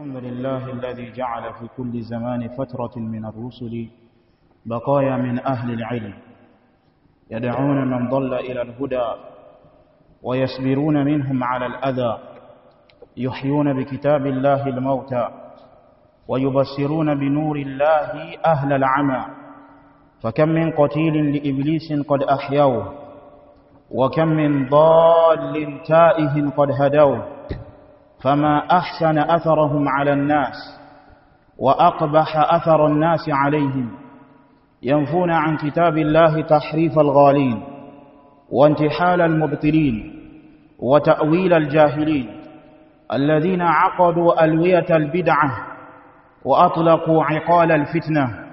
الحمد لله الذي جعل في كل زمان فترة من الرسل بقايا من أهل العلم يدعون من ضل إلى الهدى ويصبرون منهم على الأذى يحيون بكتاب الله الموتى ويبصرون بنور الله أهل العمى فكم من قتيل لإبليس قد أحيوه وكم من ضال تائه قد هدوه فما أحسن أثرهم على الناس وأقبح أثر الناس عليهم ينفون عن كتاب الله تحريف الغالين وانتحال المبطلين وتأويل الجاهلين الذين عقدوا ألوية البدعة وأطلقوا عقال الفتنة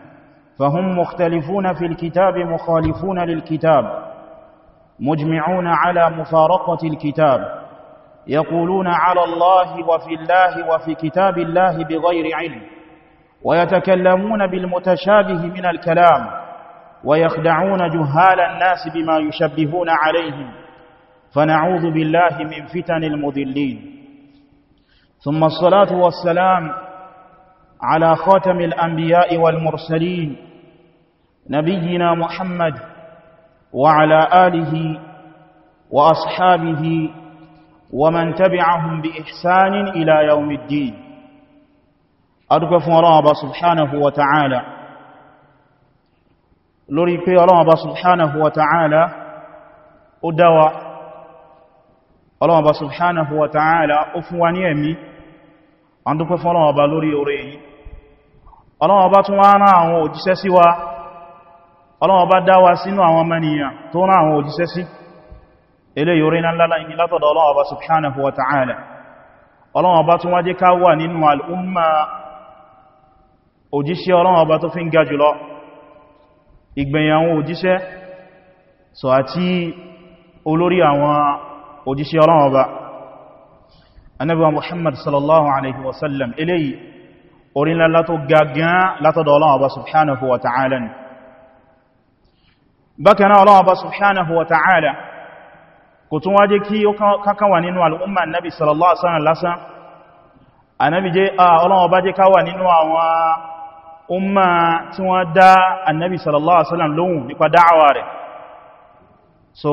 فهم مختلفون في الكتاب مخالفون للكتاب مجمعون على مفارقة الكتاب يقولون على الله وفي الله وفي كتاب الله بغير علم ويتكلمون بالمتشابه من الكلام ويخدعون جهال الناس بما يشبهون عليهم فنعوذ بالله من فتن المذلين ثم الصلاة والسلام على خاتم الأنبياء والمرسلين نبينا محمد وعلى آله وأصحابه ومن تبعهم بإحسان إلى يوم الدين أدوك فرابا سبحانه وتعالى لوري في رابا سبحانه وتعالى أدوى رابا سبحانه وتعالى أفواني أمي أدوك فرابا لوري أريه ọlọ́wọ́bá tún wá rán àwọn òjíṣẹ́ sí wa ọlọ́wọ́bá dá wa sínú eléyìí orí náà ní látọ̀dọ̀ Ọlọ́run Ọba subhanahu wa ta'ala Ọlọ́run Ọba tún wá jẹ́ ká wà nínú al'umma òjíṣẹ́ Ọlọ́run Ọba tó fi ń ga jùlọ ìgbẹ̀yìn àwọn òjíṣẹ́ so àti olórí àwọn òjíṣẹ́ Ọlọ́run Ọba Ànábì wa Muhammad sallallahu alaihi wasallam eléyìí orí kò tún wá jẹ́ kí ó kankan wà nínú al'umma annabi sallallahu alaihi wasallam lásán annabi jẹ́ ọlọ́wọ́ bá jẹ́ káwà nínú àwọn umma tí wọ́n dá annabi sallallahu alaihi wasallam nípa da'awa rẹ̀ so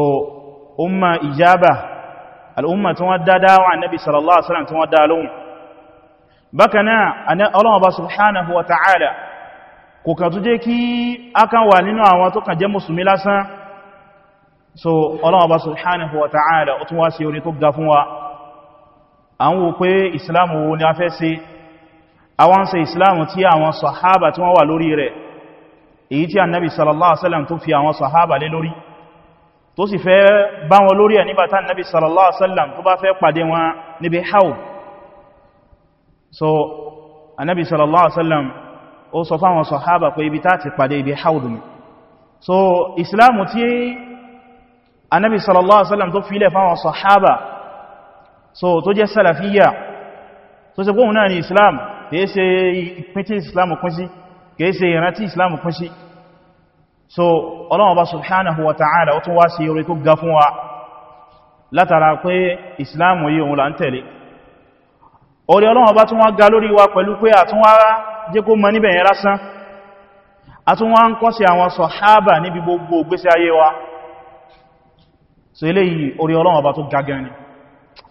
umma ijaba al'umma tí wọ́n dá dáwà annabi sallallahu alaihi wasallam tí wọ́n dá lóhùn bákan náà ọlọ́wọ́ bá subhanahu wa ta'ala kò kàn tún jẹ́ kí so ọlọ́wọ́ bá subhanahu wa ta'ala ó tún wá sí orí tó ga fún wa a ń wo pé islamu wo ni a fẹ́ sí àwọn ṣe islamu tí àwọn sahaba tí wọ́n wà lórí rẹ̀ èyí tí annabi sallallahu alaihi wasallam tó fi àwọn so annabi sallallahu alaihi wasallam ó sọ fáwọn sahaba pé ibi tá ti pàdé ibi haud ni so islamu tí anábi sallallahu alaihi wasallam tó filẹ̀ fáwọn sahaba so tó jẹ́ salafiyya tó ṣe kóhun náà ni islam kìí ṣe ìpín tí islam kún sí kìí ṣe ìrántí islam kún sí so Ọlọ́hun Ọba subhanahu wa ta'ala ó tún wá sí orí tó ga fún wa látara pé islam yìí òun là ń tẹ̀lé orí Ọlọ́hun Ọba tún wá ga lórí wa pẹ̀lú pé àtúnwárá jẹ́ kó mọ níbẹ̀ yẹn lásán àtúnwá ń kọ́ sí àwọn sọ̀hábà níbi gbogbo ìgbésí ayé wa so eléyìí orí Ọlọ́run ọba tó gagan ni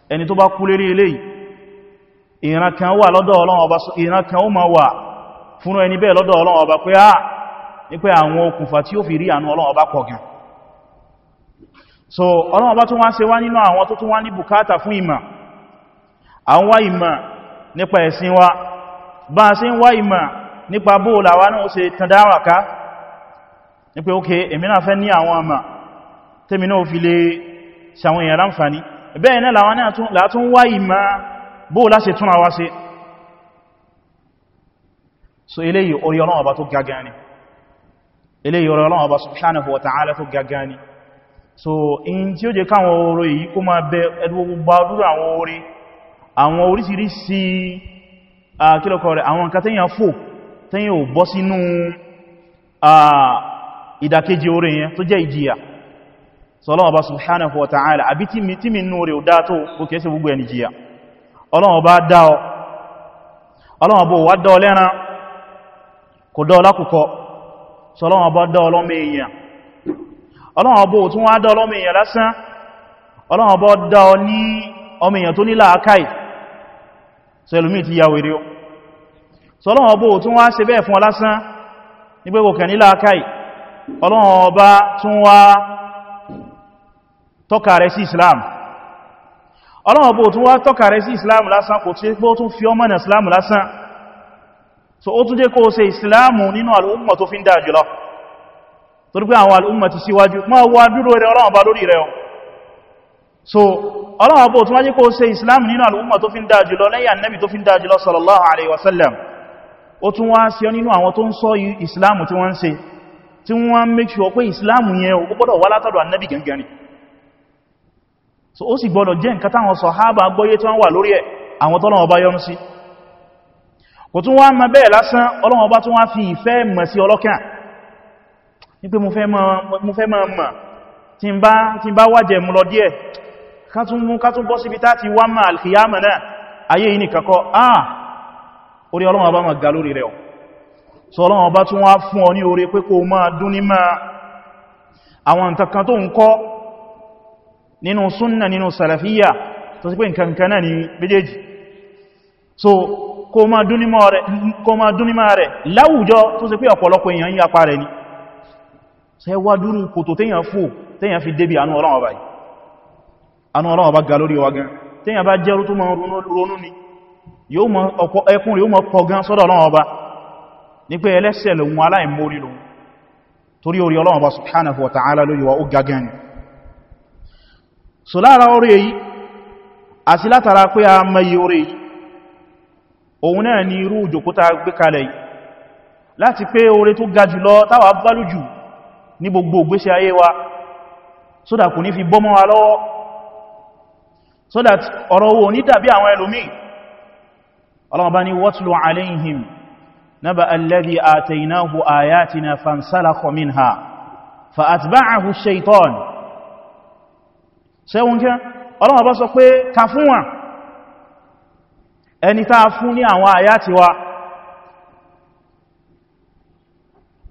ẹni tó bá kú lérí eléyìí ìran kan wà lọ́dọ̀ Ọlọ́run ọba ìran kan ó ma wà fún ẹni bẹ́ẹ̀ lọ́dọ̀ Ọlọ́run ọba pé á ah! ní pé àwọn okùnfà tí ó fi rí àánú Ọlọ́run ọba pọ̀ so Ọlọ́run ọba tó wá ṣe wá nínú àwọn tó tún wá ní bùkátà fún ìmọ̀ à ń wá ìmọ̀ nípa ẹ̀sìn wa bá a ṣe ń wá ìmọ̀ nípa bóòlà wa náà ó ṣe tàndáwà ká ní pé ókè èmi náà fẹ́ ní àwọn àmà tẹ́mi náà fi lè ṣàwọn èèyàn láǹfàní bẹ́ẹ̀ náà làwọn látún wá ìmá bó láṣe túnra wá sí so eléyìí orí Ọlọ́run Ọba tó gaga ni eléyìí orí Ọlọ́run Ọba subhanahu wa ta'ala tó gaga ni so in tí ó jẹ káwọn oró yìí kó máa bẹ ẹdúgbàdúrà àwọn orí àwọn orísìírísìí àkílọ̀kọ̀ rẹ̀ àwọn nǹkan tẹ́yàn fò tẹ́yàn ò bọ́ sínú ìdàkejì orí yẹn tó jẹ́ ìjìyà sọlọ́wọ́ bá subhanahu wa ta'ala àbí tí mi nú rẹ̀ dá tó bó kẹsẹ̀ gbogbo ẹni jíyà ọlọ́wọ́ bá dá ọ ọlọ́wọ́ bó wá dọ́ lẹ́ran kò dọ́ lákùkọ sọlọ́wọ́ bá dọ́ ọlọ́mọ èèyàn ọlọ́wọ́ bó tún wá dọ́ ọlọ́mọ èèyàn lásán ọlọ́wọ́ bó dá ọ ní ọmọ èèyàn tó ní làákàì sẹlùmí ti ya tọ́ka rẹ̀ sí islam ọlọ́wọ́ bó tún wá tọ́ka rẹ̀ sí islam lásán kò tí ó tún fi ọmọ islam lásán so ó tún jẹ́ kó ṣe islam nínú al'umma tó fi ń dáa jùlọ torí pé àwọn al'umma ti síwájú ma wá dúró rẹ̀ ọlọ́wọ́ lórí rẹ̀ so ọlọ́wọ́ bó tún wá jẹ́ kó ṣe islam nínú al'umma tó fi ń dáa jùlọ lẹ́yìn annabi tó fi ń dáa jùlọ sallallahu alaihi wasallam ó tún wá sí ọ nínú wọ́n make sure pé islam yẹn ó gbọ́dọ̀ wá látọ̀dọ̀ annabi gangan so ó sì gbọ́dọ̀ jẹ́ nǹkan táwọn sàhábà gbọ́yé tí wọ́n wà lórí ẹ̀ àwọn tọ́lọ́wọ́ bá yọ́nú sí kò tún wá mọ́ bẹ́ẹ̀ lásán Ọlọ́hun bá tún wá fi ìfẹ́ mọ̀ sí ọlọ́kàn ní pé mo fẹ́ mọ̀ mọ̀ tí n bá wájẹ̀ mú lọ díẹ̀ ká tún mú ká tún bọ́ síbi táti wá mọ̀ alkiyama náà ayé ah orí Ọlọ́hun bá mọ̀ ga lórí rẹ̀ so Ọlọ́hun bá tún wá fún ọ ní oore pé kó máa dún ní máa àwọn nǹkan tó ń kọ́ nínú súnnà nínú sàlàfíyà tó sì pé nkankaná ní méjèèjì so kó ma dúnímọ̀ rẹ̀ láwùjọ tó sì pé ọ̀pọ̀lọpọ̀ èèyàn yà pa rẹ̀ ni ṣe wá dúrú kòtò téyàn fò téyàn fi débi àánú ọlọ́wọ́ bá àánú ọlọ́wọ́ bá ga lórí wa gan téyàn bá jẹ́rú tó ma ronú ni yóò mọ ọ̀pọ̀ ẹkùn yóò mọ pọ̀ gan so lára orí èyí àti látara pé a mayi orí èyí òun náà ni irú òjòkúta gbé kalẹ̀ yìí láti pé orí tó ga jùlọ táwà bálú jù ní gbogbo ògbésí ayé wa sódà kò ní fi bọ́mọ́ wa lọ́wọ́ sódà ọ̀rọ̀ owó ní dàbí àwọn ẹlòmíì ọlọ́mọba sẹ́wọ́n kí Ọlọ́run bá sọ pé ká fún wa ẹni tá fún ní àwọn àyá ti wa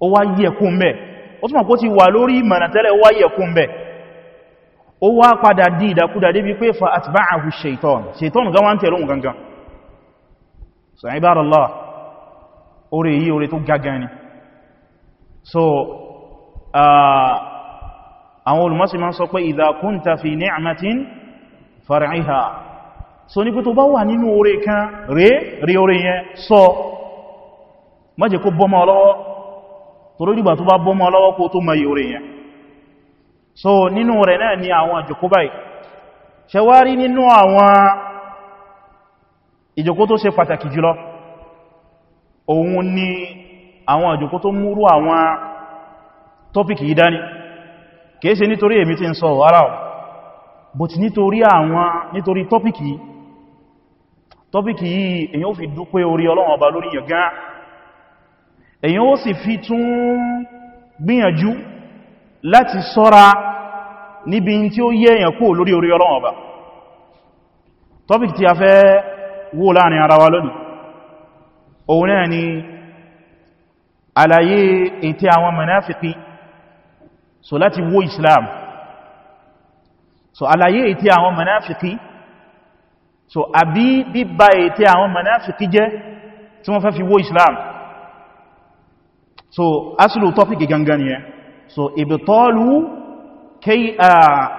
ó wá yí ẹkún mẹ́ ó túnmọ̀ kó ti wà lórí ìmọ̀nà tẹ́lẹ̀ ó wá yí ẹkún mẹ́ ó wá padà di ìdàkúdà débi pé fa atba'ahu shaitan shaitan gan wọ́n tẹ̀lé òun gangan so ibadallah orí yí orí tó gagan ni so uh, àwọn olùmọ́sí ma ń sọ pé idha kunta fi ni'matin far'iha so ní pé tó bá wà nínú kan rí oore yẹn sọ má kó bọ́mọ lọ́wọ́ tó lórí ìgbà tó bá bọ́mọ lọ́wọ́ kó tó mọ̀ oore yẹn so nínú rẹ̀ náà ni àwọn àjòkó báyìí ṣẹwárí nínú àwọn ìjòkó tó ṣe pàtàkì jùlọ ni àwọn àjòkó tó múrú àwọn kìí ṣe nítorí èmi tí ń sọ ara ọ̀ but nítorí àwọn nítorí tọ́pìkì tọ́pìkì yìí èyàn ó fi dúpẹ́ orí Ọlọ́run ọba lórí yàn gan èyàn ó sì fi tún gbìyànjú láti sọ́ra níbi tí ó yẹ èyàn kó lórí orí Ọlọ́run ọba tọ́pìkì tí a fẹ́ wó láàrin ara wa lónìí òun náà ni àlàyé ètẹ́ àwọn mùnáfìkí so láti wó islam so àlàyé ètí àwọn manáfikí so àbí bíbá ètí àwọn manáfikí jẹ́ tí wọ́n fẹ́ fi wó islam so asìlò tọ́pìkì gangan yẹn so ibtalu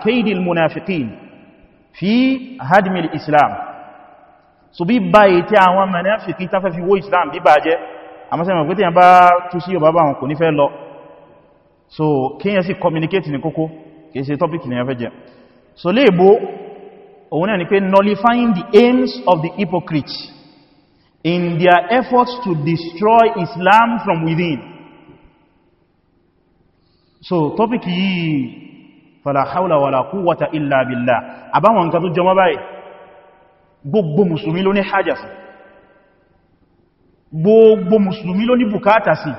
kaydil munafiqin fi hadmil islam so bíbá ètí àwọn manáfikí tafẹ́ fi wó islam bíbá jẹ́ àmọ́sẹ̀mọ̀ pé tí yẹn bá tú sí ọba so kíyàn sí communicate ní kókó kìí ṣe topic ní ẹfẹ́ jẹ so lè bó òun náà ni pé nullifying the aims of the hypocrites in their efforts to destroy Islam from within so topic yìí fala hawla wala quwwata illa billah àbáwọn nǹkan tó jọmọ́ báyìí gbogbo mùsùlùmí ló ní hajjá sí gbogbo mùsùlùmí ló ní bùkátà sí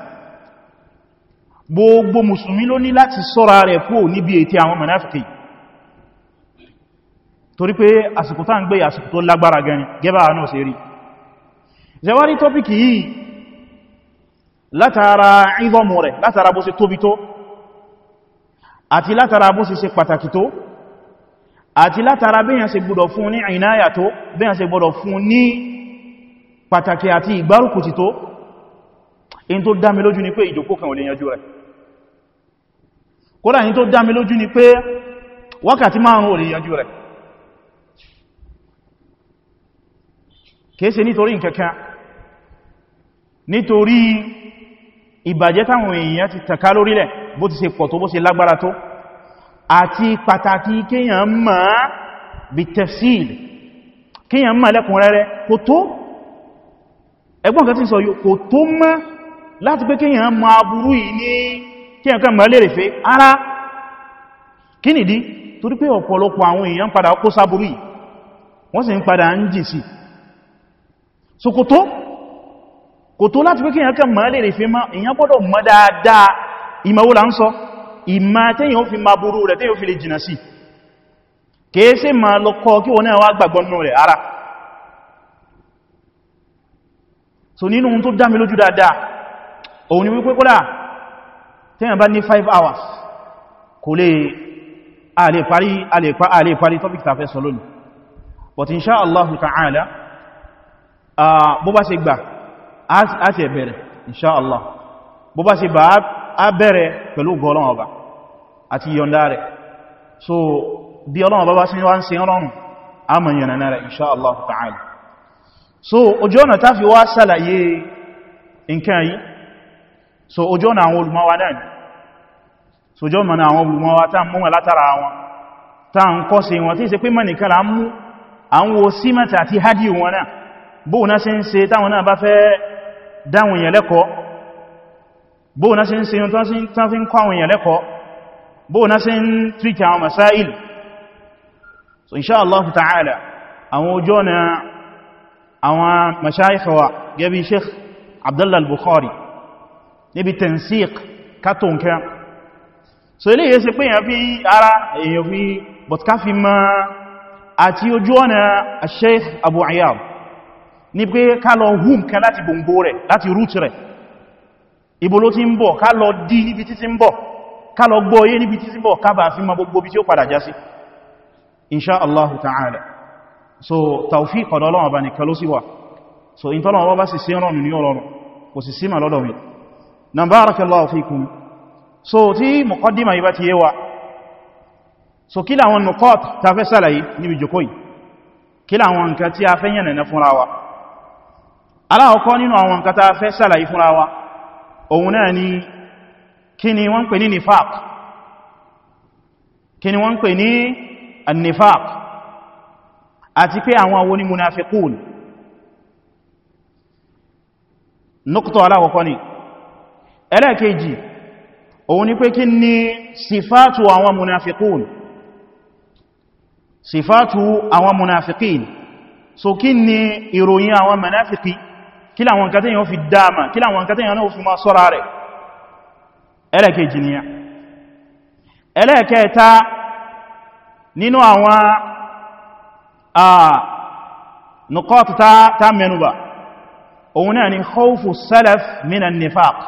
gbogbo musulmi ló ní láti sọ́ra rẹ̀ kúrò níbi ètè àwọn mùnáfíkì torí pé àsìkò tá ń gbé àsìkò tó lágbára gẹni gẹ́bà náà sí rí zẹwárí tọ́pìkì yìí látara ìzọmù rẹ̀ látara bó ṣe tóbi tó àti látara bó ṣe ṣe pàtàkì tó àti látara bíyàn ṣe gbọdọ̀ fún ní ìnáyà tó bíyàn ṣe gbọdọ̀ fún ní pàtàkì àti ìgbárùkù ti tó in tó dámi lójú ni pé ìjòkó kan ò lè yanjú rẹ̀ kódà yí tó dámi lójú ni pé wákàtí márùn-ún ò lè yanjú rẹ̀ kéèsè nítorí nkẹ́kẹ́ nítorí ìbàjẹ́ táwọn èèyàn ti tàká lórílẹ̀ bó ti ṣe pọ̀ tó bó ṣe lágbára tó àti pàtàkì kíyàn máa bí tafsil kíyàn máa lẹ́kùn rẹ̀rẹ̀ kò tó ẹgbọ́n kan tí sọ yóò kò tó mọ́ láti pé kíyàn máa burú yìí ní kí ẹ̀kan mọ̀lẹ́rẹ̀ fẹ́ ara kí nìdí torí pé ọ̀pọ̀lọpọ̀ àwọn èèyàn padà kó sáburú wọ́n sì ń padà ń jì sí so kò tó kò tó láti pé kí ẹ̀kan ma èèyàn gbọ́dọ̀ mọ̀ dáadáa ìmọ̀wó là ń sọ ìmọ̀ tẹ́yìn ó fi ma burú rẹ̀ tẹ́yìn ó fi lè rẹ̀ ara so nínú tó dá mi lójú dáadáa òun ni wípé kódà tẹ́yàn bá ní 5 hours kò lè àlè parí àlè parí topic tàfẹ́ sọ lónìí but insha Allah ta'ala bó bá ṣe gbà á ṣe bẹ̀rẹ̀ insha Allah bó bá ṣe bá á bẹ̀rẹ̀ pẹ̀lú gọ́ọ̀lọ́wọ́ bá àti yọ̀ndá rẹ̀ so bí ọlọ́wọ́ bá bá ṣe wá ń ṣe rọrùn a mọ̀ yọ̀nà rẹ̀ insha Allah ta'ala so ojú ọ̀nà ta fi wá sàlàyé nǹkan yìí so ojú ọ̀nà àwọn olùmọ́wà náà so ojú ọ̀nà àwọn olùmọ́wà tá mú wọn látara wọn tá ń kọ́ sí wọn tí ṣe pé mọ́ nìkan là ń mú àwọn osímẹ́ta àti hádìí wọn náà bóò náà ṣe ń ṣe táwọn náà bá fẹ́ dáwọn èèyàn lẹ́kọ̀ọ́ bóò náà ṣe ń ṣe tán fi ń kọ́ àwọn èèyàn lẹ́kọ̀ọ́ bóò náà ṣe ń tríkì àwọn masáìl so insha Allah ta'ala àwọn ojú ọ̀nà àwọn mashayikhawa gẹ́bí sheikh abdullal bukhari níbi tẹ̀nsík kátó nkẹ́ so ilé yẹ́ sí pé èyàn fi ara èyàn fi bọ̀tká fi ma àti ojú ọ̀nà Sheikh Abu Ayyab ní pé ká lọ hù nkẹ́ láti gbòngbò rẹ̀ láti rút rẹ̀ ibo ti ń bọ̀ ká lọ dí níbi tí ti ń bọ̀ ká lọ gbọ́ yé níbi tí ti ń bọ̀ ká fi ma gbogbo bí tí ó padà já insha Allah ta'ala so tawfiq ọ̀dọ̀ Ọlọ́run ọba so in sì sí na barakallahu fikum so tí muqaddima yìí bá ti yewa so kí láwọn nukot ta fẹ́ sálàyé níbi jòkó yìí kí láwọn nǹkan tí a fẹ́ yẹ̀nà na fúnra wa aláwọ̀kọ́ nínú àwọn nǹkan ta fẹ́ sálàyé fúnra wa òun náà ni kí ni wọ́n pè ní nifaq kí ni wọ́n pè ní annifaq àti pé àwọn àwọn onímunafikún nukto aláwọ̀kọ́ ni ẹlẹ́ẹ̀kejì òun ni pé kí ni sífàtù àwọn munafikun sífàtù àwọn munafikin so kí ni ìròyìn àwọn munafiki kí láwọn nǹkan tẹ́yàn fi dáama kí láwọn nǹkan tẹ́yàn náà fi máa sọ́ra rẹ̀ ẹlẹ́ẹ̀kejì ni ẹlẹ́ẹ̀kẹta nínú àwọn nukọ́ta ta mẹ́nubà òun náà ni khawfu salaf minan nifaq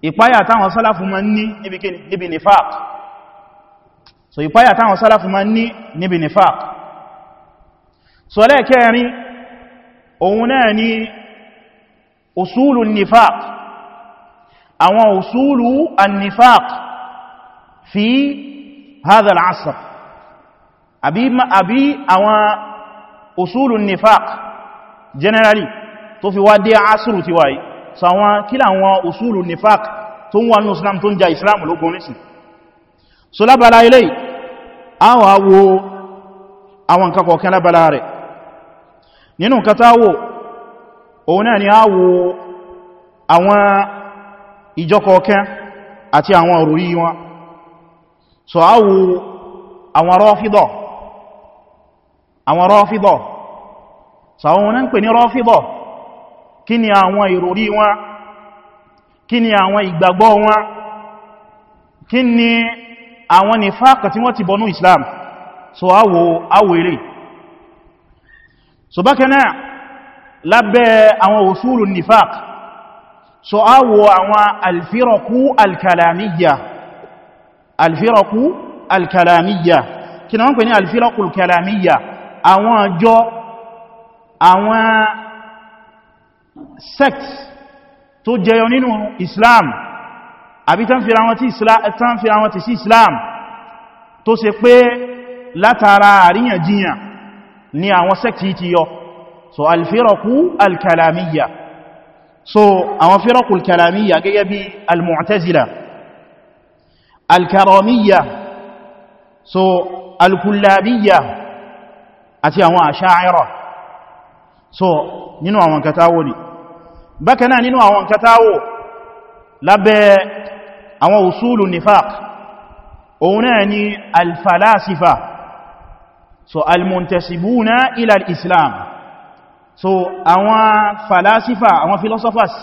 ìpáyà táwọn sálàfù ma ní níbi nifaq so ìpáyà táwọn sálàfù ma ní níbi nifaq so lẹ́ẹ̀kẹ́rin òun náà ni usulu nifaq àwọn usulu annifaq fi hadha al'asr àbí àwọn usulu nifaq generally tó fi wá dé asùrù ti wáyìí so àwọn kílà àwọn usulu nifaq tó ń wà ní islam tó ń ja islam lógún nísìn so lábàlá ilé àwọn awo àwọn nǹkan kọ̀ọ̀kan lábàlá rẹ̀ nínú nǹkan táwò òun náà ni àwò àwọn ìjọ kọ̀ọ̀kan àti àwọn òrùrí wọn so àwò àwọn rọ́fídọ̀ àwọn rọ́fídọ̀ so àwọn ń pè ní rọ́fídọ̀ kí ni àwọn ìròrí wọn kí ni àwọn ìgbàgbọ́ wọn kí ni àwọn nìfàkà tí wọ́n ti bọnú Islam so awo awere so bákanáà lábẹ́ àwọn òṣùlù nìfàk so awo àwọn alfiraku alkalamiyya alfiraku alkalamiyya kí na wọ́n pè ní alfiraku alkalamiyya àwọn àjọ àwọn sect tó jẹyọ nínú islam àbí tán fi àwọn ti sí islam tó ṣe pé látara àríyànjiyàn ni àwọn sect ti yọ so alfiraku alkalamiyya so àwọn firaku alkalamiyya gẹ́gẹ́ bí almu'tazila alkaramiyya so alkullabiyya àti àwọn asha'ira so nínú àwọn katawo ni bákan náà nínú àwọn kẹtàwò lábẹ́ àwọn usulu nifaq òun náà ni alfalasifa so almuntasibuna ila al-islam so àwọn falasifa àwọn philosophers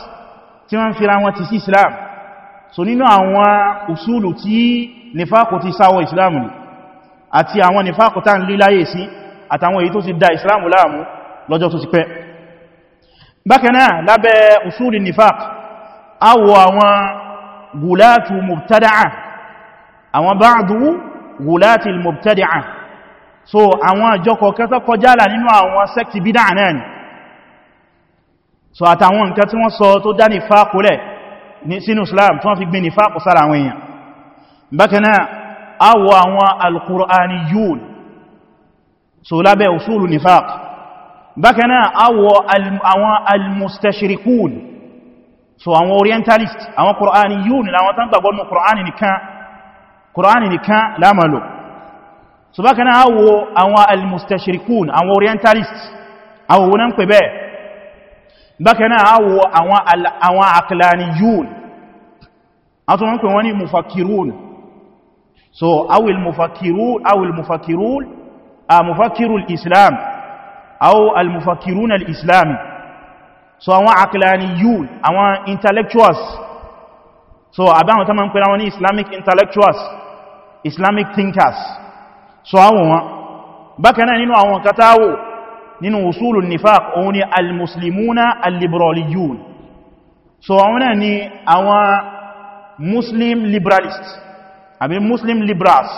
tí wọ́n fira wọn ti sí islam so nínú àwọn usulu tí nifaqo ti sáwọ islam ni àti àwọn nifaqo tá ń líláyè sí àtàwọn èyí tó ti da islam láàmú lọ́jọ́ tó ti pẹ́ bákanáà lábẹ́ usuli nifaq awọ àwọn gulatu mubtada'a àwọn ba'du gulati mubtada'a so àwọn àjọkọ̀ kẹta kọjálà nínú àwọn sẹ́kì bídá náà ni so àtàwọn nǹkan tí wọ́n sọ tó dá nifaqu lẹ̀ sínú islam tí wọ́n fi gbé nifaqu sára àwọn èèyàn bákanáà awọ àwọn alkùrániyún so lábẹ́ usulu nifaq bákanáà awọ àwọn almustashirikun so àwọn orientalist àwọn kùránì yíò ní láwọn tán gbàgbọ́nù kùránì nìkan kùránì nìkan lámàlò so bákanáà awọ àwọn almustashirikun àwọn orientalist àwọn wọn pè bẹ́ẹ̀ bákanáà awọ àwọn àkìlàní yíò ni so awil mufakirun awil mufakirun أو المفكرون الإسلامي so àwọn عقلانيون àwọn intellectuals so àbáwọn tánmà ń pè láwọn islamic intellectuals islamic thinkers so àwọn wọn bákan náà nínú àwọn katáwò nínú usulu nifaq òun ni almuslimuna alliberaliyun so àwọn náà ni àwọn muslim liberalists àbí muslim liberals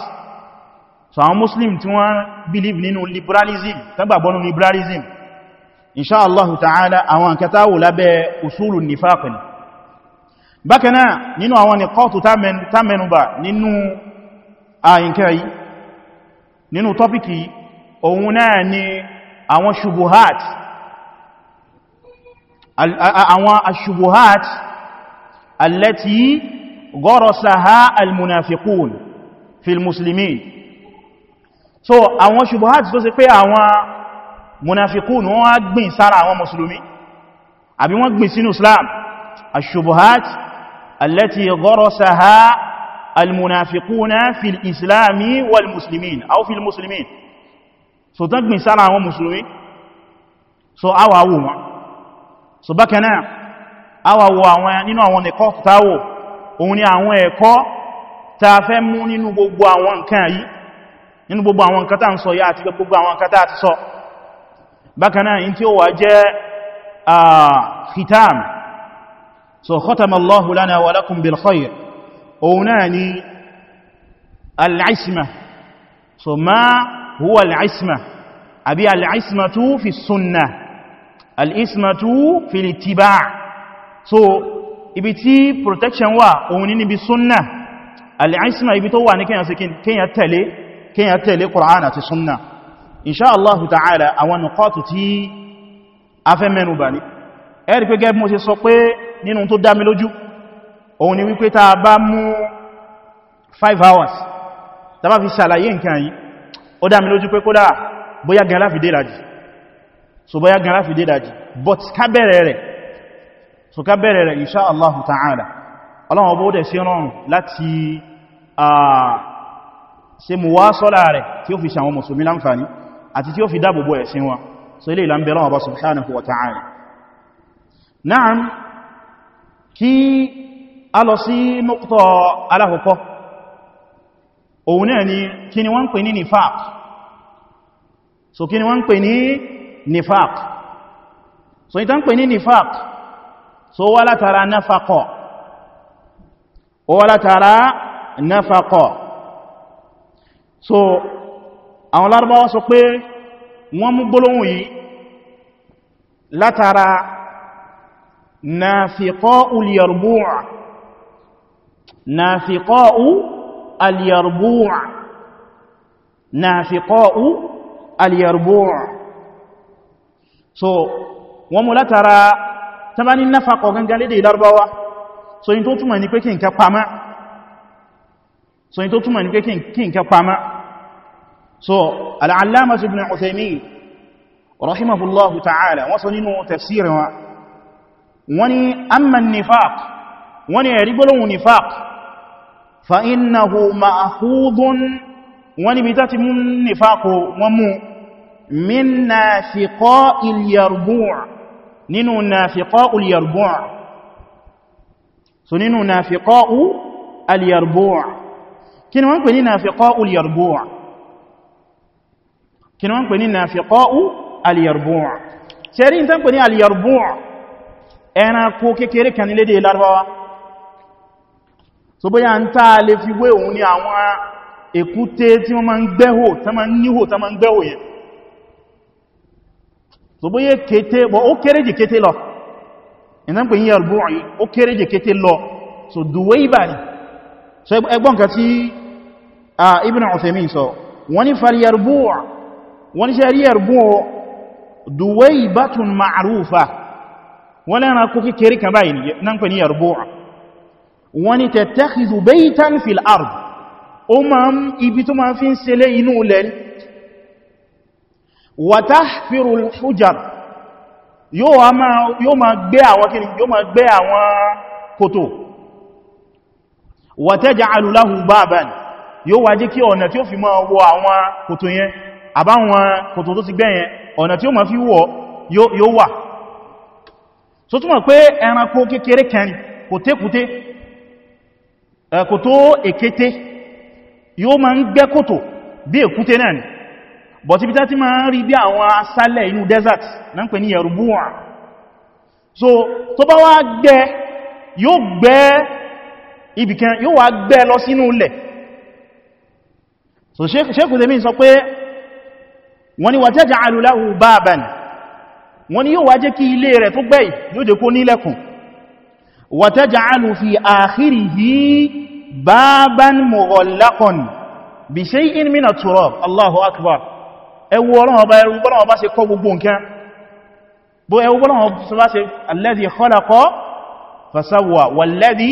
so àwọn muslim tí wọ́n believe nínú liberalism tagbàgbọ́nù liberalism inṣáàlláhù ta'ala àwọn kẹtàwò lábẹ́ usulu nifaq ni bákanáà nínú àwọn nìkọ́tù tàmẹnubà nínú àyíkẹ́yí nínú tọ́pìkì òun náà ni àwọn ṣubuhat àwọn ṣubuhat allati gọ́rọ̀sáha almunafiqun fil muslimin so àwọn ṣubuhat tó ṣe pé àwọn munafikun wọ́n wá gbìn sára àwọn musulmi àbí wọ́n gbìn sínú islam aṣubuhat allati gharasaha almunafikuna fil islami wal muslimin aw fil muslimin so tán gbìn sára àwọn musulmi so awawo wọn so bákanáà awawo àwọn nínú àwọn ẹ̀kọ́ táwò òun ni àwọn ẹ̀kọ́ ta fẹ́ mú nínú gbogbo àwọn nǹkan yìí nínú gbogbo àwọn nǹkan tá ń sọ yá àti gbogbo àwọn nǹkan tá ti sọ bákaná náà tí ó wà jẹ́ fitam so khatamallahu lana wa lakum bil khair òun náà ni al'isma so ma huwa al'isma abi al'isma al-ismatu fi sunna al'isma ismatu fi al-ittiba' so ibi tí protection wà òun ní níbi sunna al-isma ibi tó wà ní kíyàn tẹ̀lé kíyà tẹ̀lé Qur'an àti Sunna insha Allah ta'ala àwọn nukọ́tù tí a fẹ́ mẹ́nu bà ní ẹ̀rí pé gẹ́gẹ́ mo ṣe sọ pé nínú tó dámi lójú òun ni wípé ta bá mú 5 hours ta bá fi ṣàlàyé nǹkan yìí ó dámi lójú pé kódà bóyá gan láfi dé dájì so bóyá gan láfi dé dájì but ká bẹ̀rẹ̀ rẹ̀ so ká bẹ̀rẹ̀ rẹ̀ insha Allah ta'ala ọlọ́wọ́ bó dẹ̀ sí rọrùn láti ṣe mú wá sọ́lá rẹ̀ tí ó fi ṣàwọn mùsùlùmí láǹfàní àti tí ó fi dáàbòbò ẹ̀sìn wọn so ilé ìlànà bẹ̀rẹ̀ ọba subhanahu wa ta'ala na'am kí a lọ sí nukta alákọ̀ọ́kọ́ òun náà ni kí ni wọ́n ń pè ní nifaq so so àwọn lárúbáwá sọ pé wọ́n mú gbólóhùn yìí látara nafiqa'u al-yarbu' nafiqa'u al-yarbu' nafiqa'u al-yarbu' so wọ́n mú látara tàbí ní náfàkọ̀ gangan lédè lárúbáwá so yí tó túnmọ̀ ní pé kí n kẹ pàmá so in tó túnmọ̀ ní pé kí n kẹpa má so al'allama ibn Uthaymeen rahimahullahu ta'ala wọ́n sọ nínú tafsirin wa wani amman nifaq wani ẹ̀rí gbọ́lọ́wù nifaq fa innahu ma'khudun wani bi tati mun nifaqo wọn mu min nafiqa'il yarbu' nínú nafiqa'il yarbu' so nínú nafiqa'il yarbu' kí ni wọ́n pè ní nafiqa'u al-yarbu' kí ni wọ́n pè ní nafiqa'u al-yarbu' ṣe rí ìtàn pè ní al-yarbu' ẹranko kékeré kan nílé Lárúbáwá so bóyá ń tàà lè fi wé òun ní àwọn èkúté tí wọ́n máa ń gbẹ́hò tí wọ́n níhò tí wọ́n gbẹ́hò yẹn so bóyá kété bọ́ ó kéré jì kété lọ ìtàn pè ní yarbu' ó kéré jì kété lọ so duwé ìbàní so ẹgbọ́n ka tí a Ibn Uthaymin sọ wọ́n ni falyarbu' wọ́n ni ṣe rí yarbu' duwaybatun ma'rufa wọ́n lẹ́ran kó kékeré kan báyìí nan pè ní yarbu' wọ́n ni tattakhidhu baytan fil ard o ma ń ibi tó ma fi ń sele inú ulẹ̀ wa tahfiru al yóò ma gbé àwọn kòtò wàtẹ́jàálù láhùn báàbán yóò wá kí ọ̀nà tí ó fi máa wọ àwọn kòtò yẹn àbáwọn kòtò tó ti gbẹ́ ọ̀nà tí ó máa fi wọ yóò wà so túnmọ̀ pé ẹranko kékeré kẹni kòtékúté kòtò èkété yóò máa ń gbẹ́ kòtò bí èkúté náà ni na so yóò ibìkan yóò wá gbẹ́ lọ sínú ilẹ̀ so ṣékù tèmí sọ pé wọ́n ni wà tẹ́jà alùláhù báàbàn wọ́n ni yóò wá jẹ́ kí ilé rẹ̀ tó gbẹ́ yóò jẹ́ kó nílẹ̀kùn wà tẹ́jà alù fi àkírí yí báàbàn mọ̀gọ̀lákan bí walladhi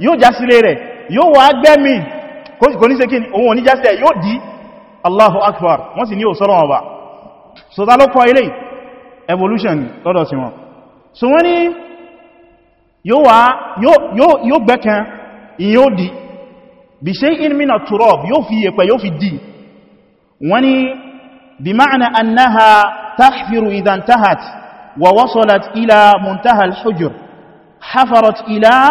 yóò jásílé rẹ̀ yóò wà gbẹ́mì kò ní sékí ohun òní jásílẹ̀ yóò dí Allahu Akbar wọ́n sì ní ò sọ́rọ̀ ọba so ta ló kọ ilé evolution lọ́dọ̀ sí wọn so wọ́n ní yóò gbẹ́kan yóò dí bí shay'in min at-turab yóò fi yẹ̀pẹ̀ yóò fi dí wọ́n ní bí ma'ana annaha tahfiru idha intahat wa wasalat ila muntaha al-hujur hafarat ila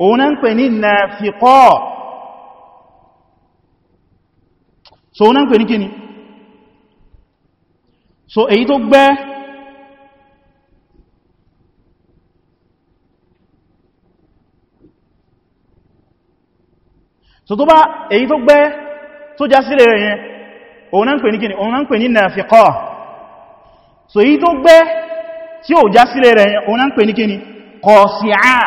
òun ń pè ní nàfikọ́ so òun ń pè ní kíni so èyí tó gbẹ́ so tó bá èyí tó gbẹ́ tó já sílẹ̀ rẹ̀ yẹn òun ń pè ní kíni òun ń pè ní nàfikọ́ so èyí tó gbẹ́ tí ó já sílẹ̀ rẹ̀ yẹn òun ń pè ní kíni kọ̀ọ̀sì àà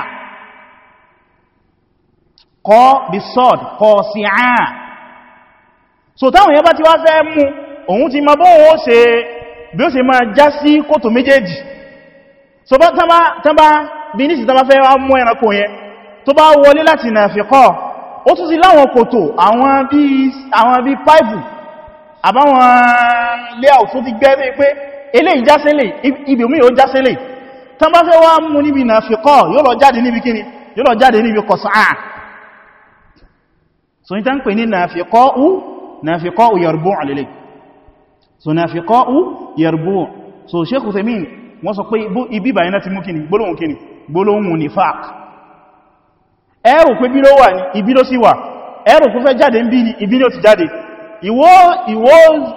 kọ́ bí sọ́d kọ́ sí àà so táwọn yẹn bá ti wá fẹ́ mú òun ti ma bóhun ó ṣe bí ó ṣe ma já sí kòtò méjèèjì so bá tánbá bí ní sí tánbá fẹ́ wá mú ẹranko yẹn tó bá wọlé láti nàfikọ́ ó tún sí láwọn kòtò àwọn bí páìpù àbáwọn layout tó ti gbẹ́ pé eléyìí já ibi omi yóò já tánbá fẹ́ wá mú níbi nàfikọ́ yóò lọ jáde níbi kíni yóò lọ jáde níbi kọ̀sáà so ní tán pè ní nafiqa'u nafiqa'u yarbu' lele so nafiqa'u yarbu' so Sheikh Uthaymeen wọ́n sọ pé ibi bàyí láti mú kíni gbólóhùn kíni gbólóhùn nifaq ẹ̀rù pé bí ló wà ní ibi ló sì wà ẹ̀rù pé fẹ́ jáde ń bí ní ibi ló ti jáde ìwọ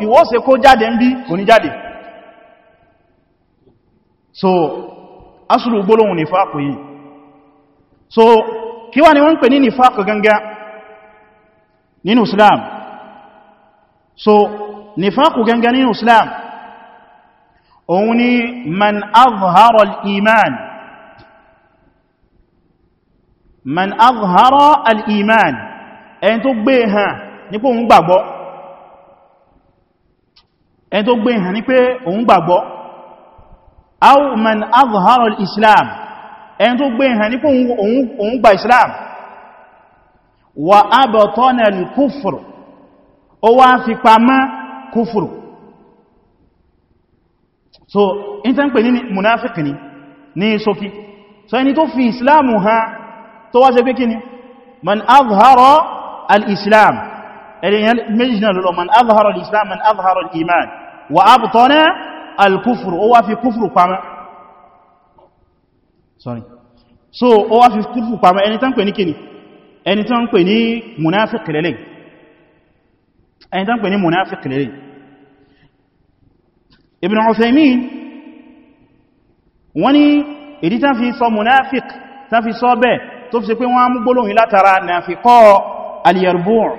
ìwọ kó jáde ń bí kò ní jáde so asùlù gbólóhùn nifaq yìí so kí wá ni wọ́n pè ní nifaq gangan nínú islam so nifaqu gangan nínú islam òun ni man azhara al-iman man azhara al-iman ẹni tó gbé hàn ní pé òun gbàgbọ́ ẹni tó gbé hàn ní pé òun gbàgbọ́ aw man azhara al-islam ẹni tó gbé hàn ní pé òun gba islam wà ábọ̀tọ́nà kúfùrù ó wá fi pamá kúfùrù so in tán pè ní munafik ni ní ṣókí so ẹni tó fi islamu ha tó wá ṣe pé kí ni man azhara al-islam ẹ̀rẹ̀yàn méjìnà lọ́lọ́ man azhara al-islam man azhara al-iman wa ábọ̀tọ́nà sorry so ó wá fi kúfùrù pamá ẹni ẹni tó ń pè ní munafik lẹ́lẹ̀ ẹni tó ń pè ní munafik lẹ́lẹ̀ Ibn Uthaymin wọ́n ní èdí tán fi sọ munafik tán fi sọ bẹ́ẹ̀ tó fi ṣe pé wọ́n á mú gbólóhùn látara nafikọ́ al-yarbu'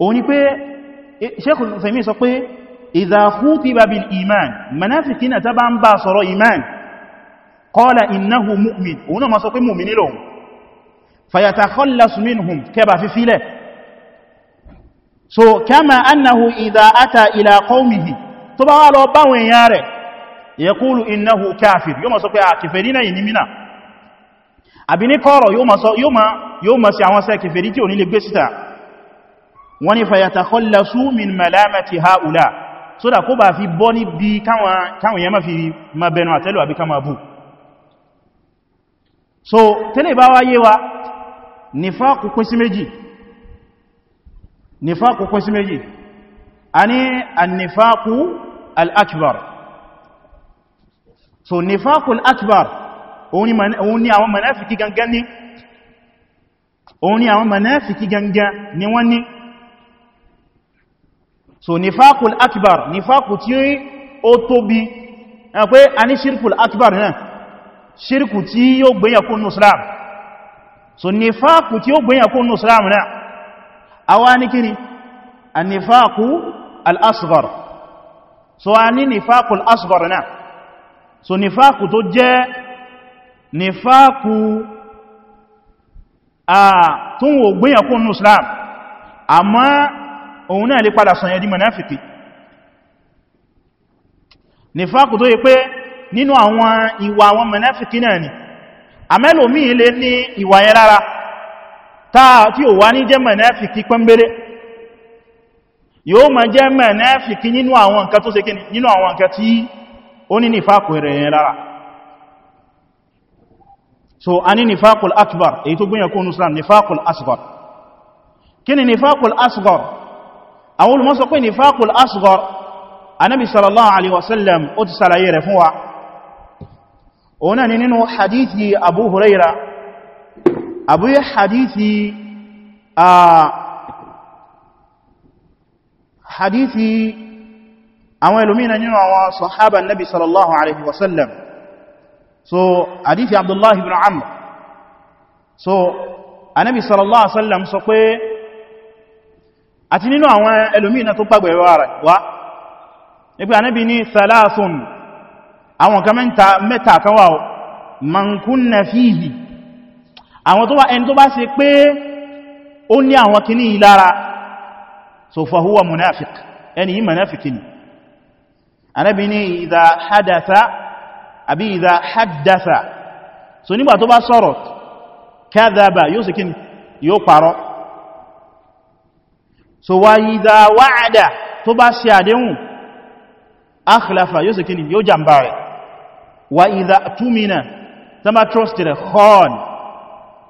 òun ni pé Sheikh Uthaymin sọ pé idha khutiba bil iman munafiki na ta bá ń bá sọ̀rọ̀ iman qala innahu mu'min فيتخلص منهم كبا في فيله so كما أنه إذا أتى إلى قومه طبعا لو باو ياره يقول إنه كافر يوم سوف كفرين ينمنا أبني قارو يوم سوف يوم يوم سيعوان سيكفرين كفرين تيوني لبستا wani فيتخلص من ملامة هؤلاء so da kó bá fi bọ́ ní bí káwọn yẹn má fi ma bẹnu àtẹ́lù àbí ká ma bú so tẹ́lẹ̀ bá wáyé wa nífàkù pín sí méjì nífàkù pín sí méjì a ní annífàkù al'akbar so nífàkù al'akbar òun ni àwọn manáfikí gangan ní òun ni àwọn manáfikí gangan ni wọ́n ní so nífàkù al'akbar nífàkù tí ó tóbi ẹn pé a ní ṣírkù al'akbar náà ṣírkù tí yóò gbéyàkú nusra so nífàkù tí ó gbìyàn kó nù islam náà a wá ní kíni a nífàkù al'asghar so a ní nífàkù al'asghar náà so nífàkù tó jẹ́ nífàkù a tún wò gbìyàn kó nù islam àmá òun náà lè padà sọ̀yẹ̀ di manáfìkì nífàkù tó yẹ pé nínú àwọn ìwà àwọn manáfìkì náà ni àmẹ́lò míì lè ní ìwà yẹn lára táà tí ò wá ní jẹ́ mẹ̀nẹ́fìkì pẹ́mbélé yóò máa jẹ́ mẹ̀nẹ́fìkì nínú àwọn nǹkan tó ṣe kíni nínú àwọn nǹkan tí ó ní nífàkù rẹ̀ yẹn lára so a ní nífàkùl akbar èyí tó gbìyànkú nùsùlám nífàkùl asgar kí ni nífàkùl asgar àwọn olùmọ́sọ pé ọ̀nà ni nínú hadithi abu huraira abu yi hadithi a hadithi àwọn ilomina nínú àwọn sahaban nabi sallallahu alaihi wasallam so hadithi abdullahi ibn amr so anabi sallallahu alaihi wasallam sọ pé àti nínú àwọn ilomina tó gbàgbẹ̀ wa nígbà anabi ni salasun àwọn kan mẹ́ta kan wà mankunna fihi àwọn tó bá ẹni tó bá ṣe pé ó ní àwọn kìíní lára so fahuwa munafik ẹni yí munafiki ni anábi ní idha hadatha àbí idha haddatha so nígbà tó bá sọ̀rọ̀ kadhaba yóò sì kíni yóò parọ́ so wa idha wa'ada tó bá ṣe àdéhùn akhlafa yóò sì kíni yóò jàmbá rẹ̀ wà ìdá túnmìnà tó má trust rẹ̀ hàn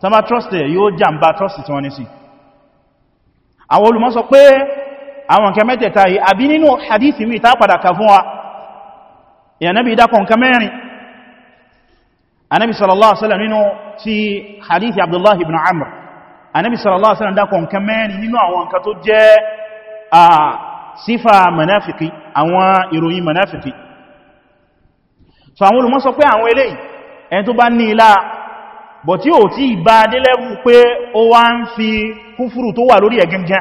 tó má trust rẹ̀ yóò jàmbá trust tí wọ́n ní sí àwọn olùmọ̀ sọ pé àwọn nǹkan mẹ́tẹ̀ẹ̀ta yìí àbí nínú hadithi mi ta padà ka fún wa ìyànẹ́bí ìdákọ̀ nǹkan mẹ́rin anábi sallallahu alaihi wasallam nínú ti hadithi abdullahi ibn amr anábi sallallahu alaihi wasallam dákọ̀ nǹkan mẹ́rin nínú àwọn nǹkan tó jẹ́ a ah, sífà manáfikì àwọn ìròyìn manáfikì so àwọn olùmọ̀ sọ pé àwọn eléyìí ẹni tó bá ní ilá bọ̀ tí ò tí ìbá adélẹ́wù pé ó wá ń fi kúfúrù tó wà lórí ẹ̀ gẹ́gẹ́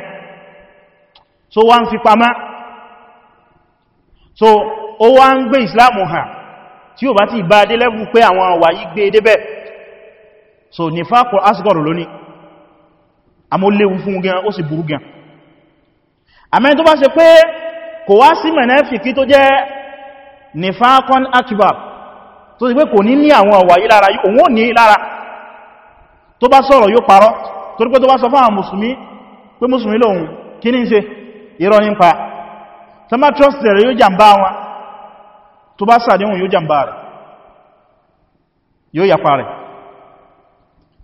so wá ń fi pamá so ó wá ń gbé ìsìláàmù hàn tí ò bá tí ìbá adélẹ́wù pé àwọn wàyí gbé débẹ̀ so nífàkù asgọ́rù lónìí àmọ́ kò wá sí mẹ̀nẹ́fì kí tó jẹ́ nifaqan akbar tó sì pé kò ní ní àwọn ọ̀wà yìí lára òun ò ní lára tó bá sọ̀rọ̀ yóò parọ́ torí pé tó bá sọ fáwọn mùsùlùmí pé mùsùlùmí lòun kí ní ṣe irọ́ nípa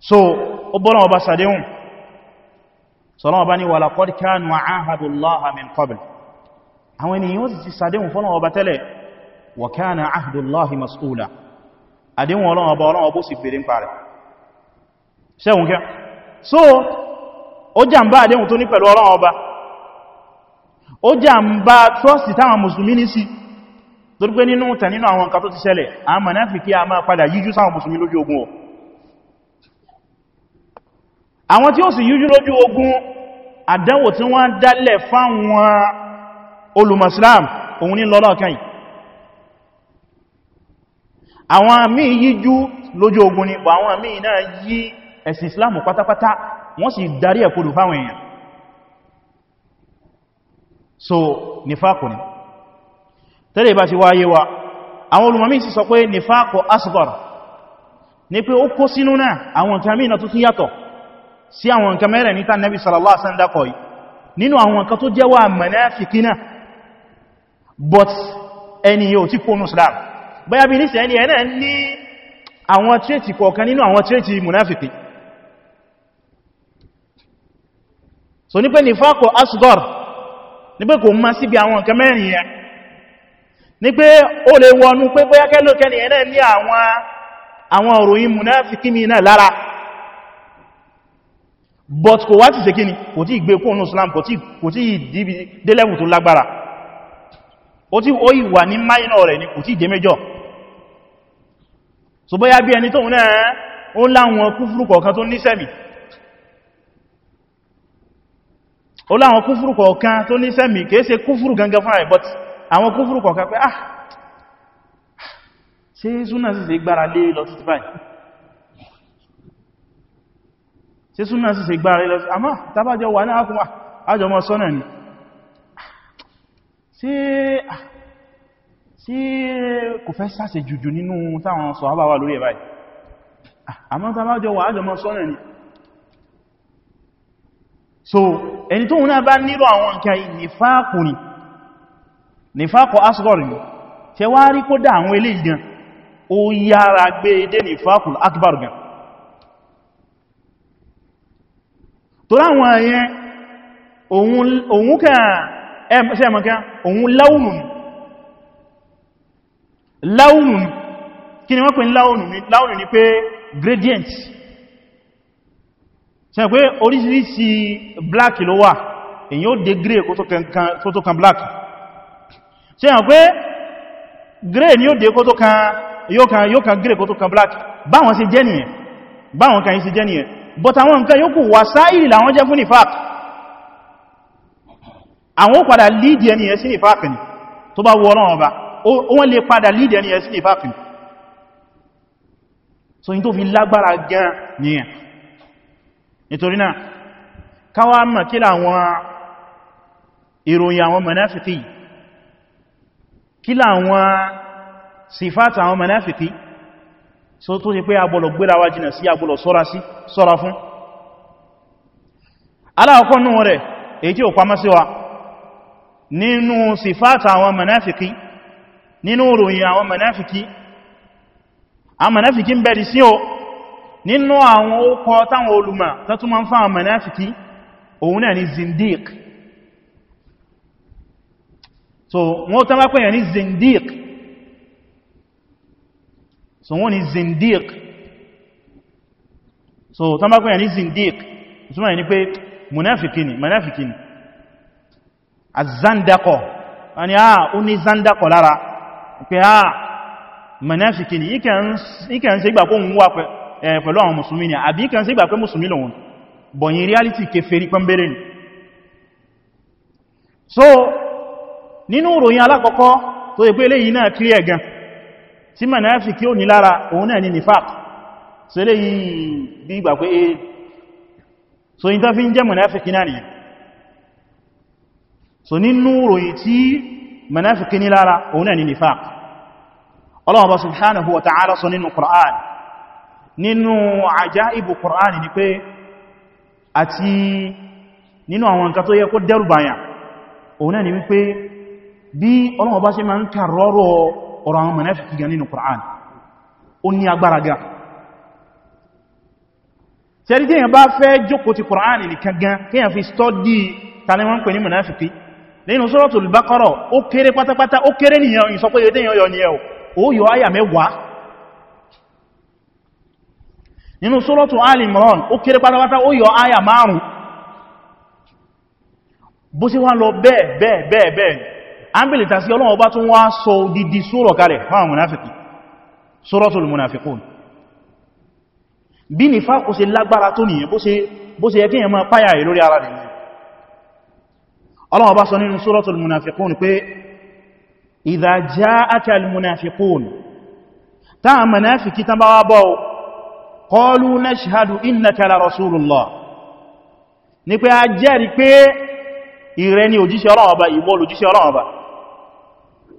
so ó bọ́lá ọba sàdéhùn sọ́lọ́wọ́ bá ní wa laqad kanu ahadu Allaha min qabl àwọn ènìyàn ó sì sàdéhùn fọ́lọ́wọ́ ọba tẹ́lẹ̀ Wakana ahdullahi mas'ula àdéhùn ọlọ́run ọba ọlọ́run ọbó sì bèèrè ń parẹ̀ so ó jàmbá àdéhùn tó ní pẹ̀lú ọba ó jàmbá trọ́sì táwọn mùsùlùmí ní sí torí pé nínú tẹ̀ nínú àwọn nǹkan ti a ma náà a padà yìí àwọn míì yíjú lójú ogun ni pọ̀ àwọn míì náà yí ẹ̀sìn islamu pátápátá wọ́n sì darí ẹ̀kùdù fáwọn èèyàn so nifako ni tẹ́lẹ̀ bá ti wáyé wa àwọn olùmọ̀mí sì sọ pé nífàkù asghar ní pé ó kó sínú náà àwọn nǹkan míì tó tún yàtọ̀ sí àwọn nǹkan mẹ́rẹ̀ níta nẹ́bí sallallahu alaihi wasallam dákọ̀ yìí nínú àwọn nǹkan tó jẹ́wà mùnáfíkí náà but ẹni yóò ti kónú islam bóyá bí ní sẹ́ni ẹ̀nà ní àwọn tírètì kọ̀ọ̀kan nínú àwọn tírètì munafiki so ní pé ní fákọ̀ asgore ní pé kò má síbi àwọn nǹkan mẹ́rin yẹn ní pé ó lè wọnú pé bóyá kẹ́lókẹ́ni ẹ̀nà ní àwọn àwọn òròyìn but kò wá ti ṣe kíni kò tí ìgbé kóònù Islam kò tí ìdíbi délẹ́wù tó ni kò tí so bóyá bí ẹni tóun náà ó láwọn kúfúrú kọ̀ọ̀kan tó ní sẹ́mì ó láwọn kúfúrú kọ̀ọ̀kan tó ní sẹ́mì kìí ṣe kúfúrú gangan fún àìbọ̀t àwọn kúfúrú kọ̀ọ̀kan pé ah ṣe súnà sí ṣe gbára lé lọ títí báyìí ṣe súnà sí ṣe gbára lé lọ títí àmá tàbájọ wà ní àkùnwà àjọmọ̀ sọ́nà ni ṣe sí kò fẹ́ sáṣe jùjù nínú táwọn sọ̀hábà wà lórí ẹ̀báyìí ah, àmọ́ tá bá jọ wà ájọ mọ́ sọ́nà ni so ẹni tó náà bá nílò àwọn nǹkan nífàkù ni nífàkù asghar ni tẹ wá rí kó dá àwọn eléyìí gan ó yára gbé e dé nífàkù akbar gan tó láwọn ẹ̀yẹn òun kẹ́ ẹ̀mọ́kẹ́ òun láúnù kí ni wọ́n pè ní láúnù ní láúnù ní pé gradient ṣe pé oríṣiríṣi black ló wà èyí ó dé gray kó tó kan black ṣe yàn pé gray ni ó dé kó tó kan yóò kan yóò kan gray kó tó kan black báwọn ṣe jẹ́ nìyẹn báwọn kan yí ṣe jẹ́ nìyẹn but àwọn nǹkan yóò wà sáìlì làwọn jẹ́ fún nifaq àwọn ó padà lead ẹni ẹ̀ sí nifaq ni tó bá wọ́ ọlọ́run ọba wọ́n lè padà lídẹ̀ ní ẹ̀sìn ìfàfin so yí tó fi lágbára gan ní ẹ̀ nítorí náà káwàá mọ̀ kí láwọn ìròyìn àwọn mọ̀náfìkì kí láwọn sífàtà àwọn mọ̀náfìkì so tó ṣe pé agbọ́lọ̀ gbéra wá jìnà sí agbọ́lọ̀ sọ́ra sí sọ́ra fún aláàkọ́nú rẹ̀ èyí tí ò nínú ìròyìn àwọn mùnáfìkí àwọn mùnáfìkí ń bẹ̀rẹ̀ sí o nínú àwọn ókọ táwọn olùmọ̀ tó tún máa ń fáwọn mùnáfìkí òun náà ni zindik, so wọ́n tán bá pẹ̀yàn ní zindiq so wọ́n ni zindiq so tán bá pẹ̀yàn ní zindiq ìtumọ̀ yìí ni pé mùnáfìkí ni mùnáfìkí ni azandakọ̀ wọ́n ni a ah, zandakọ̀ lára pé a ah, mọ̀náfikì ní ìkẹ́ ń ṣe ìgbà kó ń wà pẹ̀lú àwọn musulmi ni àbí ìkẹ́ ń ṣe ìgbà musulmi lòun bọ̀yìn reality kèfèrí pẹ́mbẹ̀rẹ̀ ni so nínú ìròyìn alákọ̀ọ́kọ́ tó yẹ pé eléyìí náà tí ni munafiki ní lára òun ní nifaq Ọlọ́hun Ọba subhanahu wa ta'ala sọ nínú Qur'an nínú ajaibu Qur'an ni pé àti nínú àwọn nǹkan tó yẹ kó dẹ́rù báyà òun ní wípé bí Ọlọ́hun Ọba ṣe máa ń kàrọrọ ọ̀rọ̀ àwọn munafiki gan nínú Qur'an ó ní agbára gan tẹ́rí tí èyàn bá fẹ́ jókòó ti Qur'an nìkan gan kí èyàn fi stọ́dí tani pè ní munafiki nínú Suratul Baqara ó kéré pátápátá ó kéré nìyàn ìsọpéye tí yọ ní ẹ̀ ó yọ áyà mẹ́wàá nínú Suratul Ali Imran ó kéré pátápátá ó yọ áyà márùn bó sí wá lọ bẹ́ẹ̀ bẹ́ẹ̀ bẹ́ẹ̀ bẹ́ẹ̀ ámbìlì tàbí Ọlọ́run bá tún wá sọ didi sura kalẹ̀ fáwọn munafiki Suratul Munafiqun bí nìfàkù ṣe lágbára tó nìyàn bó ṣe yẹ kí èèyàn máa páyà Allah bá sọ nínú suratul munafiqun pé idha ja'aka al-munafiqun ta munafiki tan bá wá bọ́ qalu nashhadu innaka la rasulullah ní pé a jẹ́rìí pé ìrẹ ni pe a je ri pe ire ni ojise Allah bá ìwọ ojise Allah bá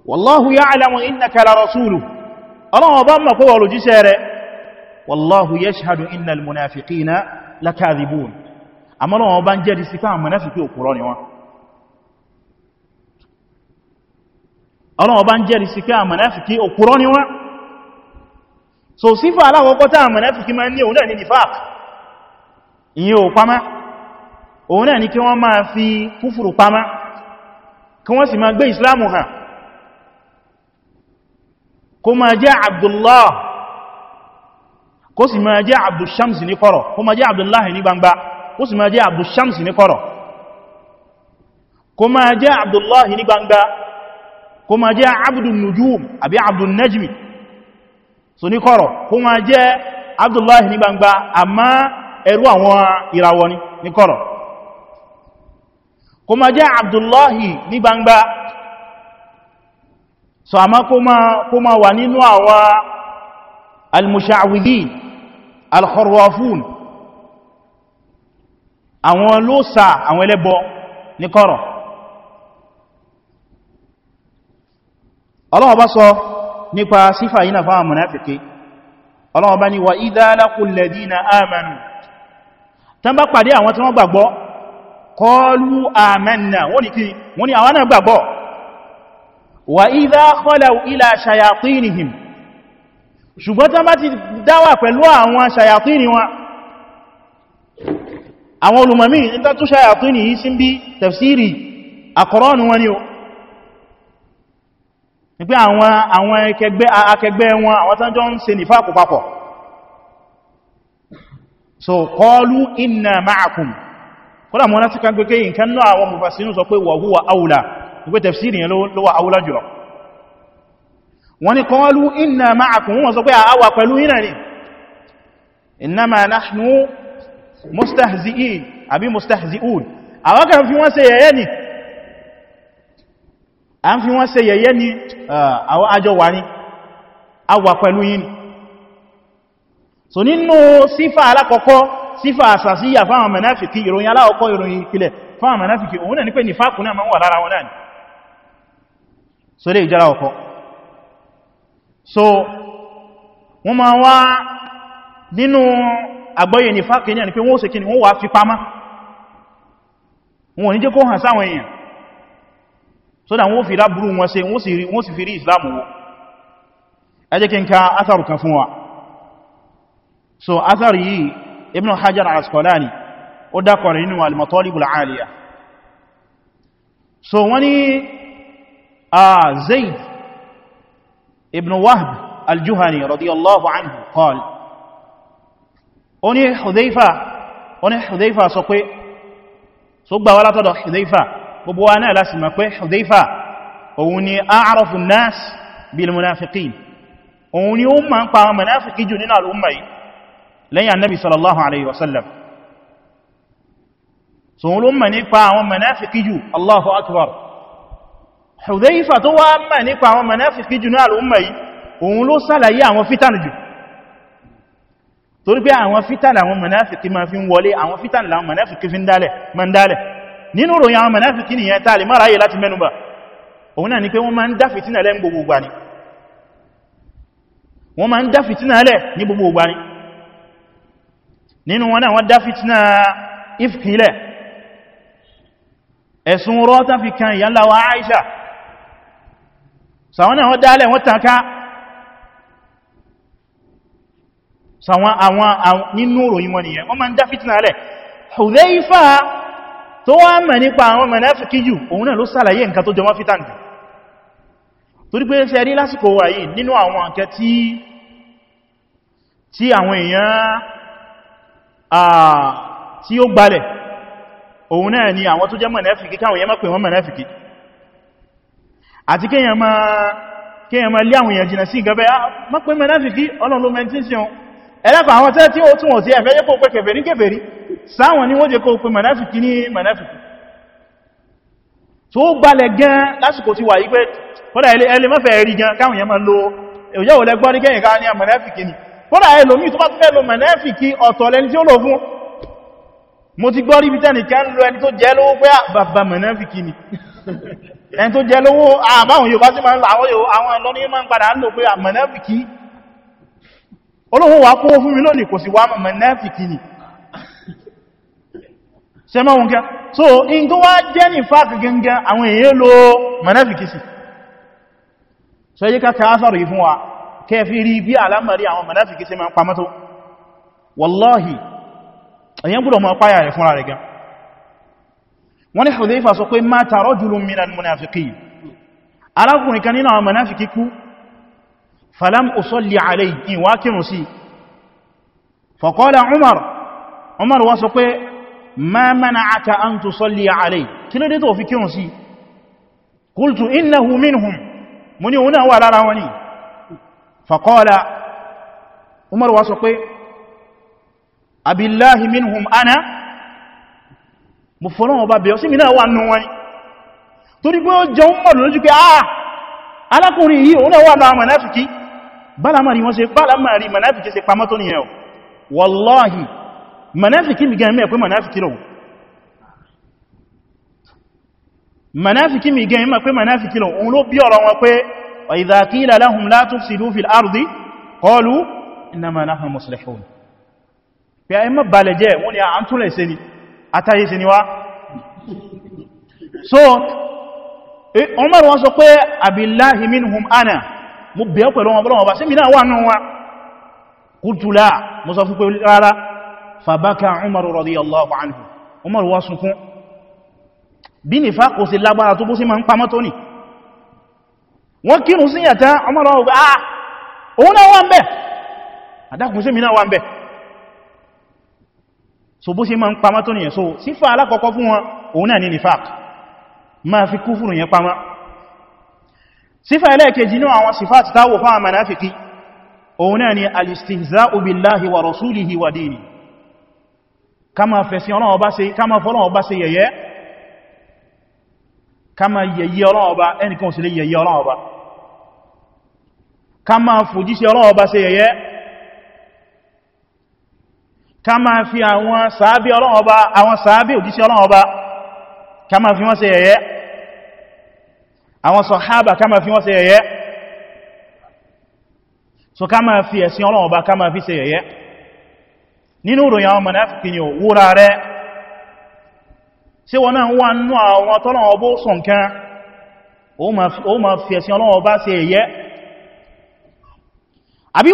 wallahu ya'lamu innaka la rasuluhu Allah bá ma ko ojise rẹ̀ wallahu yashhadu innal munafiqina lakathibun àmọ́ Allah bá je ri sí ta munafiki òkúrọ́ ni wọn ọlọ́wọ́ bá ń jẹ́rì sí pé àmànáfikí òkúrọ́ ni wọ́n so sífà aláwọ̀kọ́ tá àmànáfikí máa ní òun náà ní nifaq ìyẹn ò pamá òun náà ní kí wọ́n máa fi kúfùrù pamá kí wọ́n sì máa gbé islamu hàn kó máa jẹ́ Abdullah kó sì máa jẹ́ Abdushams ní kọ̀rọ̀ kó máa jẹ́ Abdullah ní gbangba kó sì máa jẹ́ Abdushams ní kọ̀rọ̀ kó máa jẹ́ Abdullah ní gbangba kó ma jẹ́ abdul nujum àbí abdul najmi so ní kọ̀rọ̀ kó ma jẹ́ abdullahi ní gbangba àmá ẹrú àwọn ìràwọ̀ ní kọ̀rọ̀ kó ma jẹ́ abdullahi ní gbangba so àmá kó ma wà nínú àwọn al-musha'widhin àwọn lóòsà àwọn ẹlẹ́bọ ní kọ̀rọ̀ Allah bá sọ nípa sífà yína fáwọn munafiki Allah bá ní wa idha laqul ladina amanu tán bá pàdé àwọn tí wọ́n gbàgbọ́ qalu amanna wọ́n ni kí wọ́n ni àwọn náà gbàgbọ́ wa idha khalaw ila shayatinihim ṣùgbọ́n tán bá ti dáwà sí bí tafsiri àkọrọ́nù wọn ni o nígbé àwọn akẹgbẹ́ wọn àwọn tánjọ́ ń ṣe nífàkù papọ̀ so qalu inna ma'akum kọ́lá mọ́ láti kan gbékè nǹkan náà àwọn mufassinú sọ pé wa aula gbé tafsiri yẹn ló aula jùlọ wọ́n ni qalu inna ma'akum wọ́n sọ pé àwà pẹ̀lú yínà ni innama nahnu mustahzi'in àbí mustahzi'un àwọn fi wọ́n ṣe yẹ̀yẹ́ ni a ń fi wọ́n se yẹ̀yẹ́ ní àwọn àjọ wà ní a wà pẹ̀lú yìí so nínú sífà alákọ̀ọ́kọ́ sífà àsàsíyà fáwọn mẹ́náfìkì ìròyìn alákọ̀ọ́kọ́ ìròyìn ìpìlẹ̀ fáwọn mẹ́náfìkì òun náà ní pé nífàkù náà máa lára wọn náà ni so lè ìjára so wọ́n ma wá nínú àgbọ́yẹ̀ nífàkì náà ni pé wọ́n ó ṣe kí so da wọ́n fi lábúrú wọn ṣe wọ́n sì fi rí islamu wọ́n ẹ jẹ́ kí ka atharu kan fún wa so atharu yìí ibn hajar al-asqalani ó dákọ̀ rẹ̀ nínú al-matalibul aliyah so wani a zaid ibn wahb al-juhani radiyallahu anhu qal ó ní hudhaifa sọ pé so gbà wá látọ̀dọ̀ hudhaifa gbogbo wa náà láti mọ̀ pé Hudhayfa òun ni a'rafu an-nas bil munafiqin òun ni ó ma ń pa munafiki jù nínú al'umma yìí lẹ́yìn annabi sallallahu alaihi wasallam so òun ló mọ̀ nípa àwọn munafiki jù Allahu akbar Hudhayfa tó wá mọ̀ nípa àwọn munafiki jù nínú al'umma yìí òun ló sálàyé àwọn fitan jù torí pé àwọn fitan àwọn munafiki ma fi ń wọlé àwọn fitan làwọn munafiki fi ń dálẹ̀ nínú ròyìn àwọn mùnáfìkí nìyẹn tààlì mara ayé láti mẹ́nubà òun náà ni pé wọ́n ma ń dá fìtínà lẹ́ ní gbogbo ìgbà ni wọ́n ma ń dá fìtínà lẹ́ ní gbogbo ìgbà ni nínú wọn náà wọ́n dá fìtínà ifkilẹ̀ ẹ̀sùn rọ́ta fi kan ìyá láwa tó wá mẹ́ nípa àwọn mẹ́nẹ́fìkì yù òun náà ló sàlàyé nǹkan tó jọmọ́ fítàn jù torí pé ṣe rí lásìkò wà yìí nínú àwọn nǹkan tí àwọn èèyàn tí ó gbalẹ̀ òun náà ni àwọn tó jẹ́ mẹ́nẹ́fìkì káwọn èèyàn má pè wọ́n mẹ́nẹ́fìkì àti kéèyàn má lé àwọn èèyàn jìnà sí ìgẹ́fẹ́ ah, má pè mẹ́nẹ́fìkì ọlọ́run ló mẹ́ntíṣìn ẹlẹ́kọ̀ọ́ àwọn tẹ́ tí ó túnwọ̀ sí sáwọn ní wọ́n jẹ́ kó pé mùnáfìkì ní mùnáfìkì tó gbalẹ̀ gan lásìkò ti wà yí pé kọ́dà ẹlẹ́ mọ́fẹ́ rí gan káwọn yẹn máa lo òyẹ́wò lẹ́gbọ́n ní kẹ́yìn ká ní mùnáfìkì ni kọ́dà ẹlòmí tó bá fẹ́ lo mùnáfìkì ọ̀tọ̀ lẹni tí ó lò fún mo ti gbọ́ rí bí tẹ́nìkan lo ẹni tó jẹ́ lówó pé bàbá mùnáfìkì ni ẹni tó jẹ lówó àbáhùn yóò bá sí máa ń láwọ́ yóò àwọn ẹlọ́ní máa ń padà ń lò pé àmọ̀nẹ́fìkì ah, olóhun wà kó fún mi lónìí kò sí wà mọ̀nẹ́fìkì ni ṣe mọ́ oúnjẹ́ so in tó wá jẹ́ ní fàkì gangan àwọn èyí ló mọ̀náfikisi so yí ká káásọ̀rọ̀ ìfún wa kẹfì rí bí alamari àwọn mọ̀náfikisi ma pamato wallahi èyàn gbọ́dọ̀ mọ̀ páyà rẹ̀ fúnra rẹ̀ gan wọ́n ni Hudhayfa sọ pé mata rajulun minal munafiqin alákùnrin kan nínú àwọn mọ̀náfikí kú falam usalli alayhi ìwákìrùn sí faqala Umar Umar wá sọ pé ma mana'aka an tusalli alayhi kí ló dé tó fi kírun sí qultu innahu minhum mo ní òun náà wà lára wọn ni faqala umar wa sọ pé abillahi minhum ana mo fọ́nà ọba bẹ̀ọ́ sí mi náà wà nù wọn torí pé ó jẹ ń lójú pé ah alákùnrin yìí òun náà wà náà mọ̀náfikí bálamari wọ́n ṣe manáfikí mi gan mẹ́ pé manáfikí lọ manáfikí mi gan mẹ́ pé manáfikí lọ òun ló bí ọ̀rọ̀ wọn pé wa idha qila lahum la tufsidu fil ardi qalu innama nahnu muslihun pé a mọ́ balẹ̀ jẹ́ wọ́n ni a ń túnlẹ̀ sí ni àtàyè sí ni wá so e, Umar wọn sọ pé abillahi minhum ana mo bẹ̀ẹ́ pẹ̀lú wọn bọ́lọ́wọ́ bá sí mi náà wà nù wa qultu la mo sọ fún pé rárá fàbákà umaru radiyallahu anhu umaru wá sunkún bí ní fàkò sí lágbára tó bó sí ma ń pamọ́ tó ní wọ́n kírun sí yàtá umaru ọgbà ah òun náà wà ń bẹ̀ àdákùn sí mi náà wà ń bẹ̀ so bó sí ma ń wa rasulihi wa dini kama fẹ̀sí ọlọ́wọ́ bá ṣe kama fọ́lọ́wọ́ bá ẹnìkan kama fòjíṣẹ́ ọlọ́wọ́ se ṣe yẹ̀yẹ́ fi àwọn sàábí àwọn sàábí òjíṣẹ́ kama fi wọ́n ṣe yẹ̀yẹ́ àwọn sàhábà kama fi wọ́n se yẹ̀yẹ́ so kama fi ẹ̀sìn ọlọ́wọ́ bá kama fi se yẹ̀yẹ́ nínú ìròyìn àwọn mọ̀náfikì ni rẹ̀ ṣe wọ́n náà wà nínú àwọn tọ́lọ̀wọ́ bó sọ o ma fi ẹ̀sìn ọlọ́wọ́ bá ṣe ẹ̀yẹ àbí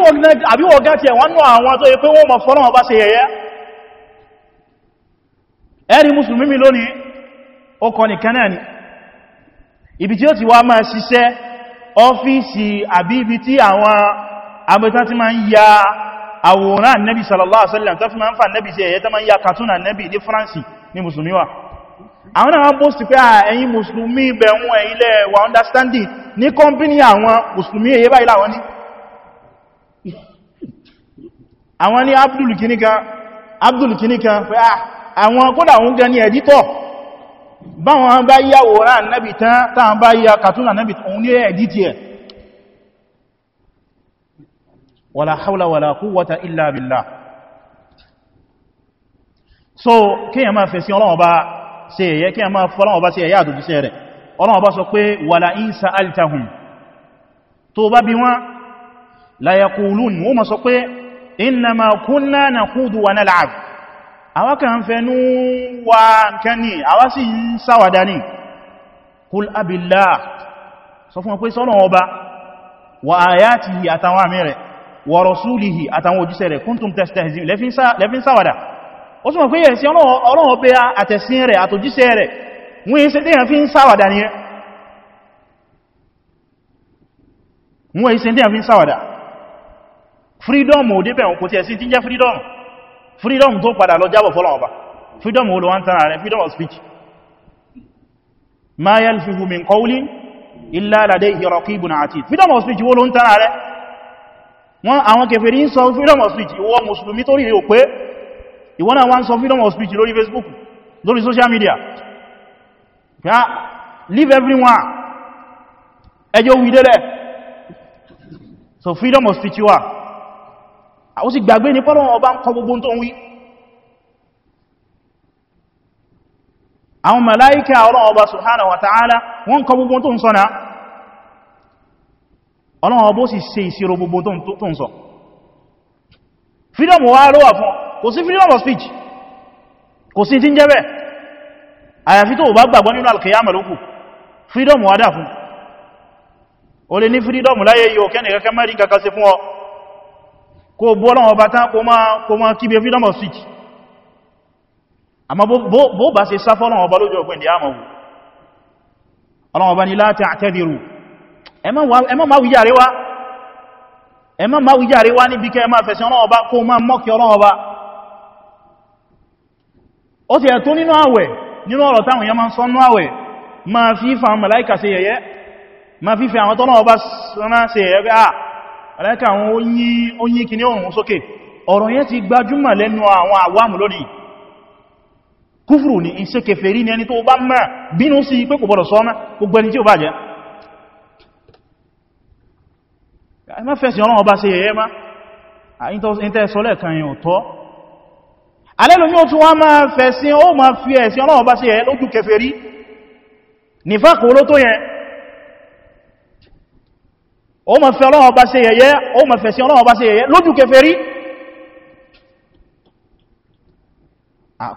wọ́n gáti ẹ̀wọ́n nínú àwọn tó yẹ pé wọ́n ma fọ́lọ́wọ́ bá ṣe mi lónìí ó kọ ibi ti ibi ti ma ya àwòrán annabi sallallahu alaihi wasallam fi ma ń fa annabi ma ń ya cartoon annabi ní france ní musulmi wa àwọn náà wọ́n bóòsì pé ẹ̀yin musulmi bẹ̀rún ẹ̀ilẹ̀ wà understanding ní kọ́mpínì àwọn musulmi èyẹ báyìí láwọn ní àwọn ní abdul kinikan pé àwọn kódà òun gan ní ẹ̀dítọ̀ báwọn bá yàwòrán annabi tán táwọn bá yà cartoon annabi òun ní wàlá haúlá wàlá quwwata illa billah so kí yà máa fèsí ọlọ́wọ́ bá ṣe ẹ̀yẹ kí yà máa fọ́lọ́wọ́ bá ṣe ẹ̀yẹ àtòjíṣẹ́ rẹ̀ ọlọ́wọ́ bá sọ pé wàlá in sa'altahum tó bá bí wọ́n la yaqulun wọ́n ma sọ pé innama kunna nakhudu wa nal'ab àwa kan fẹnu àtàwọn àmì rẹ̀ wa rasulihi àtàwọn òjíṣẹ́ rẹ̀ kuntum tastehzi'un lẹ́fin sáwàdà ó túnmọ̀ pé o ọlọ́wọ́ bẹ́ àtẹ̀sìn rẹ̀ àtòjíṣẹ́ rẹ̀ wọ́n yí sí tẹ́yàn fi ń sáwàdà ní ẹ́ wọ́n fi freedom ò débẹ̀ òkú tí ẹ̀ sí freedom freedom to padà lọ jábọ̀ ọba freedom ò lọ wá ń tara freedom of speech ma yalfihu min qawlin illa ladayhi raqibun atid freedom of speech wo wọ́n àwọn kèfèrí ń sọ freedom of speech ìwọ mùsùlùmí tó rí rí ò pé ìwọ náà wá ń sọ freedom of speech lórí facebook lórí social media ya ah, leave everyone ẹjọ́ wídẹ́lẹ̀ so freedom of speech wà ó sì gbàgbé ní pọ́lọ̀ ọba ń kọ gbogbo tó ń wí àwọn màláíkà Ọlọ́run ọba subhanahu wa wọ́n kọ gbogbo tó ń sọ ọlọ́wọ́ bó sì ṣe ìṣirò gbogbo tó ń sọ freedom wà ló wà fún kò sí freedom of speech kò sí tí ń jẹ́ bẹ́ àyàfi tó bá gbàgbọ́ nínú alkiyama lókù freedom wà dà fún o lè ní freedom láyé yíò kẹ́ni kẹ́kẹ́ mẹ́rin kàkà sí fún ọ kó bú ọlọ́wọ́ bá tán kó má kíbe freedom of speech àmọ́ bó bá ṣe sáfọ́ ọlọ́wọ́ bá lójú ọgbẹ̀ndì àmọ̀wò ọlọ́wọ́ bá ní la ta'tadiru ẹmọ́ máa wíyà rí wá ẹmọ́ máa wíyà rí wá níbi ọnụọba ẹmọ́ fẹ̀sẹ̀ ọ̀nà ọba kó máa ọba ó ti ẹ̀tọ́ nínú àwẹ̀ nínú ọ̀rọ̀ táwọn yẹn máa ń sọ nínú àwẹ̀ máa fi fa màláíkà ṣe yẹ̀yẹ́ àwọn tọ́nà ọba sọ́nà ṣe yẹ̀yẹ́ pé ah, à àwọn oyin kìíní òun sókè ọ̀rọ̀ yẹn ti gbajúmọ̀ lẹ́nu àwọn lónìí kúfùrù ní ní ẹni tó bá bínú sí ma fẹ́sì ọlọ́run ọba ṣe yẹ̀yẹ́ má ìntẹ́ sọlẹ̀ kan yìí ọ̀tọ́ alẹ́lùmí ó tún wá máa fẹ́sì ó máa fi ẹ̀sì ọlọ́run ọba ṣe yẹ̀yẹ́ lójú kèfèrí nífàkù ló tó yẹn ó máa fẹ́ ọlọ́run ọba ṣe yẹ̀yẹ́ ó máa fẹ́sì ọlọ́run ọba ṣe yẹ̀yẹ́ lójú kèfèrí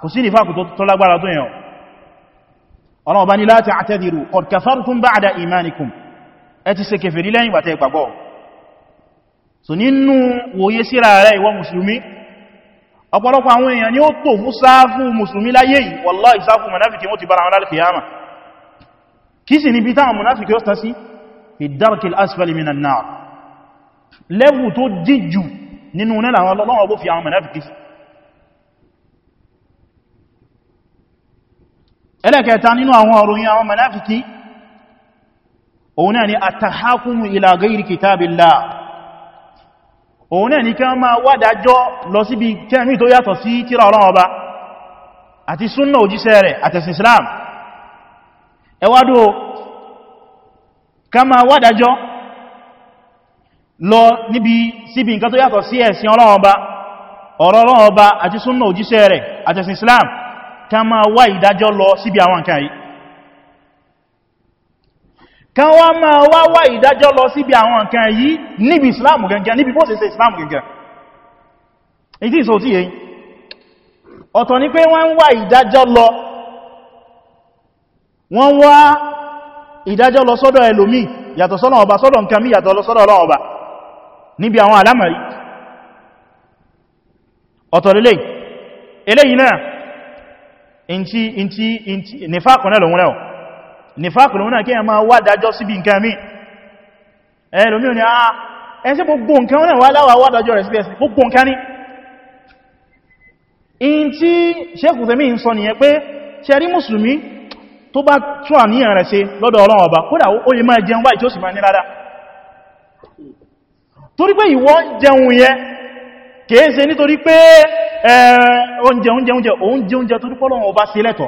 kò sí nífàkù tó lágbára tó yẹn ọlọ́run ọba ní la ta'tadiru qad kafartum ba'da imanikum ẹ ti ṣe kèfèrí lẹ́yìn ìgbà tẹ́ ìgbàgbọ́ so nínú wòye síra ara iwa musulmi ọ̀pọ̀lọpọ̀ àwọn èèyàn ni ó tò fún sáfù musulmi láyé yìí wallahi ìsáfù mùnáfìkì wọ́n ti bára wọn lálfìyàmà kí sì níbi táwọn mùnáfìkì ó tàsí fi darkil asfali minan nar lẹ́wù tó díjù nínú nílà àwọn ọlọ́wọ́ bó fi àwọn mùnáfìkì ẹlẹ́kẹta nínú àwọn ọ̀ròyìn àwọn mùnáfìkì òun náà ni àtàhákùnmù ila gairi kitabillah òun náà ní kí wọ́n máa wádájọ́ lọ síbi kẹ́mí tó yàtọ̀ sí tíra Ọlọ́run Ọba àti súnnà òjíṣẹ́ rẹ̀ àtẹ̀sìn Islam ẹwádó ká máa wádájọ́ lọ níbi síbi nǹkan tó yàtọ̀ sí ẹ̀sìn Ọba ọ̀rọ̀ Ọlọ́run Ọba àti Islam ka ma wa lọ kan wá máa wá wá ìdájọ́ lọ síbi àwọn nǹkan yìí níbi islam gẹ́gẹ́ níbi bó ṣe ṣe islam gẹ́gẹ́ èyí tí ìsòtí èyí ọ̀tọ̀ ni pé wọ́n ń wá ìdájọ́ lọ wọ́n wá ìdájọ́ lọ sọ́dọ̀ ẹlòmí yàtọ̀ sọ́dọ̀ ọba sọ́dọ̀ nǹkan mí yàtọ̀ lọ sọ́dọ̀ ọba nífàkùn lónà kí ẹ máa wá dájọ́ síbi nǹkan mi ẹlòmí ni a ah, ẹsẹ́ gbogbo nǹkan wọn wá láwà wá dájọ́ rẹ̀ síbi ẹ̀sìn gbogbo nǹkan ní in tí sẹ́kù tẹ́mí ń sọ nìyẹn pé ṣẹ́rí mùsùlùmí tó bá tún àníyàn rẹ̀ ṣe lọ́dọ̀ Ọlọ́run Ọba kódà ó lè máa jẹun báyìí tí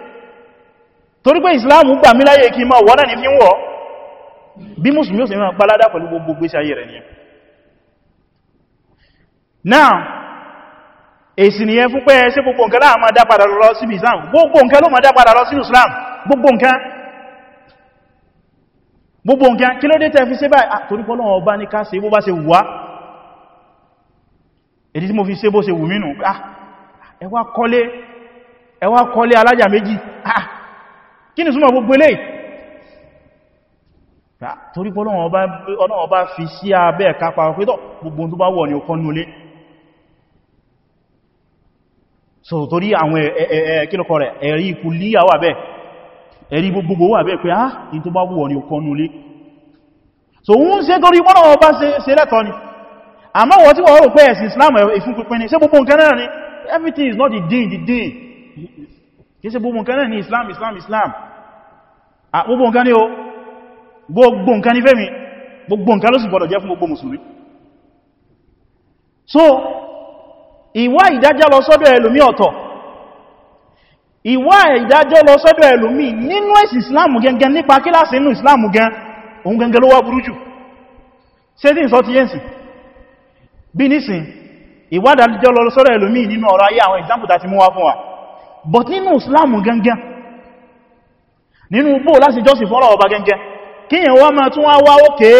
torí pé ìsìláàmù gbà mí láyé kí ma wọ́n náà ní fi ń wọ́ bí mùsùlùmí ó sì máa paládá pẹ̀lú gbogbo gbésí ayé rẹ̀ nìyẹn náà èsì nìyẹn fún pé ṣe gbogbo nǹkan láà dápadà lọ sí islam gbogbo nǹkan ló máa dápadà lọ sí islam gbogbo nǹkan gbogbo nǹkan kí ló dé tẹ́ fi ṣe báyìí torí pé Ọlọ́run kọ́lé alájà méjì ah kí ni súnmọ̀ gbogbo eléyìí torí pé Ọlọ́run ọba fi sí abẹ́ kápa ọ̀pẹ́tọ̀ gbogbo tó bá wọ̀ ní ọkọ̀ nulé so torí àwọn kílọ̀kọ̀ rẹ̀ ẹ̀rí ikú líyà wà bẹ́ẹ̀ ẹ̀rí gbogbo wà bẹ́ẹ̀ pé á ah, ní tó bá wọ̀ ní ọkọ̀ nulé so wọ́n ṣe torí Ọlọ́run ọba ṣe lẹ́tọ́ ni àmọ́ wọ́n tí wọ́n rò pé ẹ̀sìn Islam ìfún pínpín ni ṣe gbogbo nǹkan náà ni everything is not the day the day kìí ṣe gbogbo nǹkan náà ní islam islam islam a gbogbo nǹkan ní o gbogbo nǹkan ní fẹ́mi gbogbo nǹkan ló sì gbọdọ̀ jẹ́ fún gbogbo mùsùlùmí so ìwá ìdájọ́ lọ sọ́dọ̀ ẹlòmí ọ̀tọ̀ ìwá ìdájọ́ lọ sọ́dọ̀ ẹlòmí nínú ẹ̀sì islam gangan nípa kíláàsì inú islam gan òun gangan ló wá burú jù ṣe tí ìsọ́ ti yẹ́nsì bí nísìn example tá ti but nínú islam gangan nínú bó láti jọ́sìn fọ́lọ̀ ọba gangan kíyàn wá máa tún wá wá òkè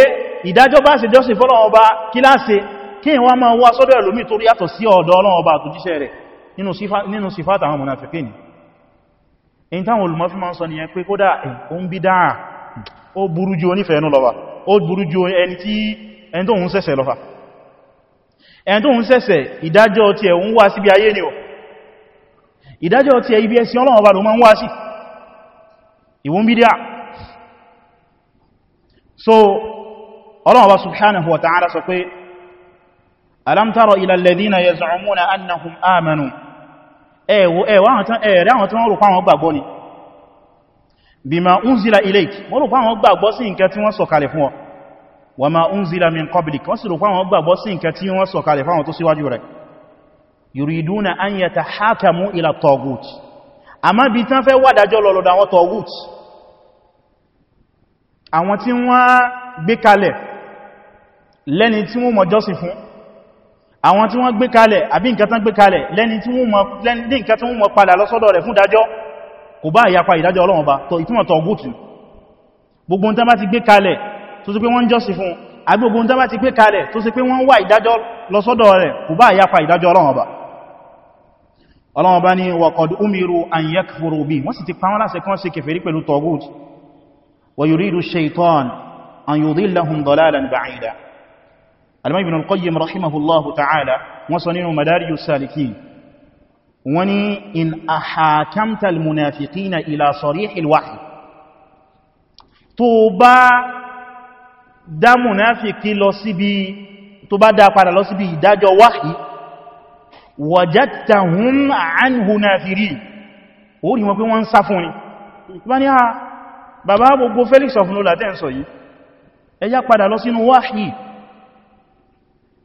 ìdájọ́ bá sì jọ́sìn fọ́lọ̀ ọba kíláàsì kíyàn wá máa wá sọ́dọ̀ ẹlòmí torí yàtọ̀ sí ọ̀dọ̀ Ọlọ́run ọba àtòjíṣẹ́ rẹ̀ nínú sífàtà àwọn munafiqin in táwọn olùmọ́ fi máa ń sọ nìyẹn pé kódà ó ń bí dáa ó burú ju onífẹ́ ẹnu lọ́wà ó ìdájọ́ ti ẹ̀ ń wá síbi ayé ni ò ìdájọ́ ti ibi ẹ̀sìn ọlọ́run ọba ló máa ń wá sí ìwọ́n bídíà so ọlọ́run ọba subhanahu wa ta'ala sọ pé alam tara ila alladhina yaz'umuna annahum amanu ẹ̀wọ̀ ẹ̀rẹ́ àwọn tí wọ́n rò pàwọn gbàgbọ́ ni bima unzila ilayk wọ́n rò pàwọn gbàgbọ́ sí nǹkan tí wọ́n sọ̀kalẹ̀ rẹ̀ yuriduna an yatahakamu ila tagut àmọ́ bí tán fẹ́ wádàjọ́ lọ́lọ́dọ̀ àwọn tagut àwọn tí wọ́n gbé kalẹ̀ lẹ́ni tí wọ́n mọ̀ jọ́sìn fún àwọn tí wọ́n gbé kalẹ̀ àbí nǹkan tán gbé kalẹ̀ lẹ́ni tí wọ́n mọ̀ padà lọ́sọ́dọ̀ rẹ̀ fún dájọ́ kò bá ìyapa ìdájọ́ Ọlọ́run bá tọ ìtumọ̀ tagut gbogbo tán bá ti gbé kalẹ̀ tó ọlọ́wọ́ bá ní waqad umiru an yakfuru bi wọ́n sì ti pa wọ́n láṣẹ kán ṣe kèfèrí pẹ̀lú tọ́gùt wa yuridu shaytan an yudillahum dalalan ba'ida alimọ́ ibn al-qayyim rahimahullahu ta'ala wọ́n sọ nínú madariju salikin wọ́n ní in ahakamta al-munafiqina ila sarihil wahyi tó bá dá munafiki lọ síbi tó bá dá padà lọ síbi ìdájọ́ wahyi wajadtahum anhu nafirin ó rí wọn pé wọ́n ń sá fún ni bá ní àà ah, bàbá gbogbo Felix of nola tẹ́ ń sọ yìí ẹjá padà lọ sínú wáhì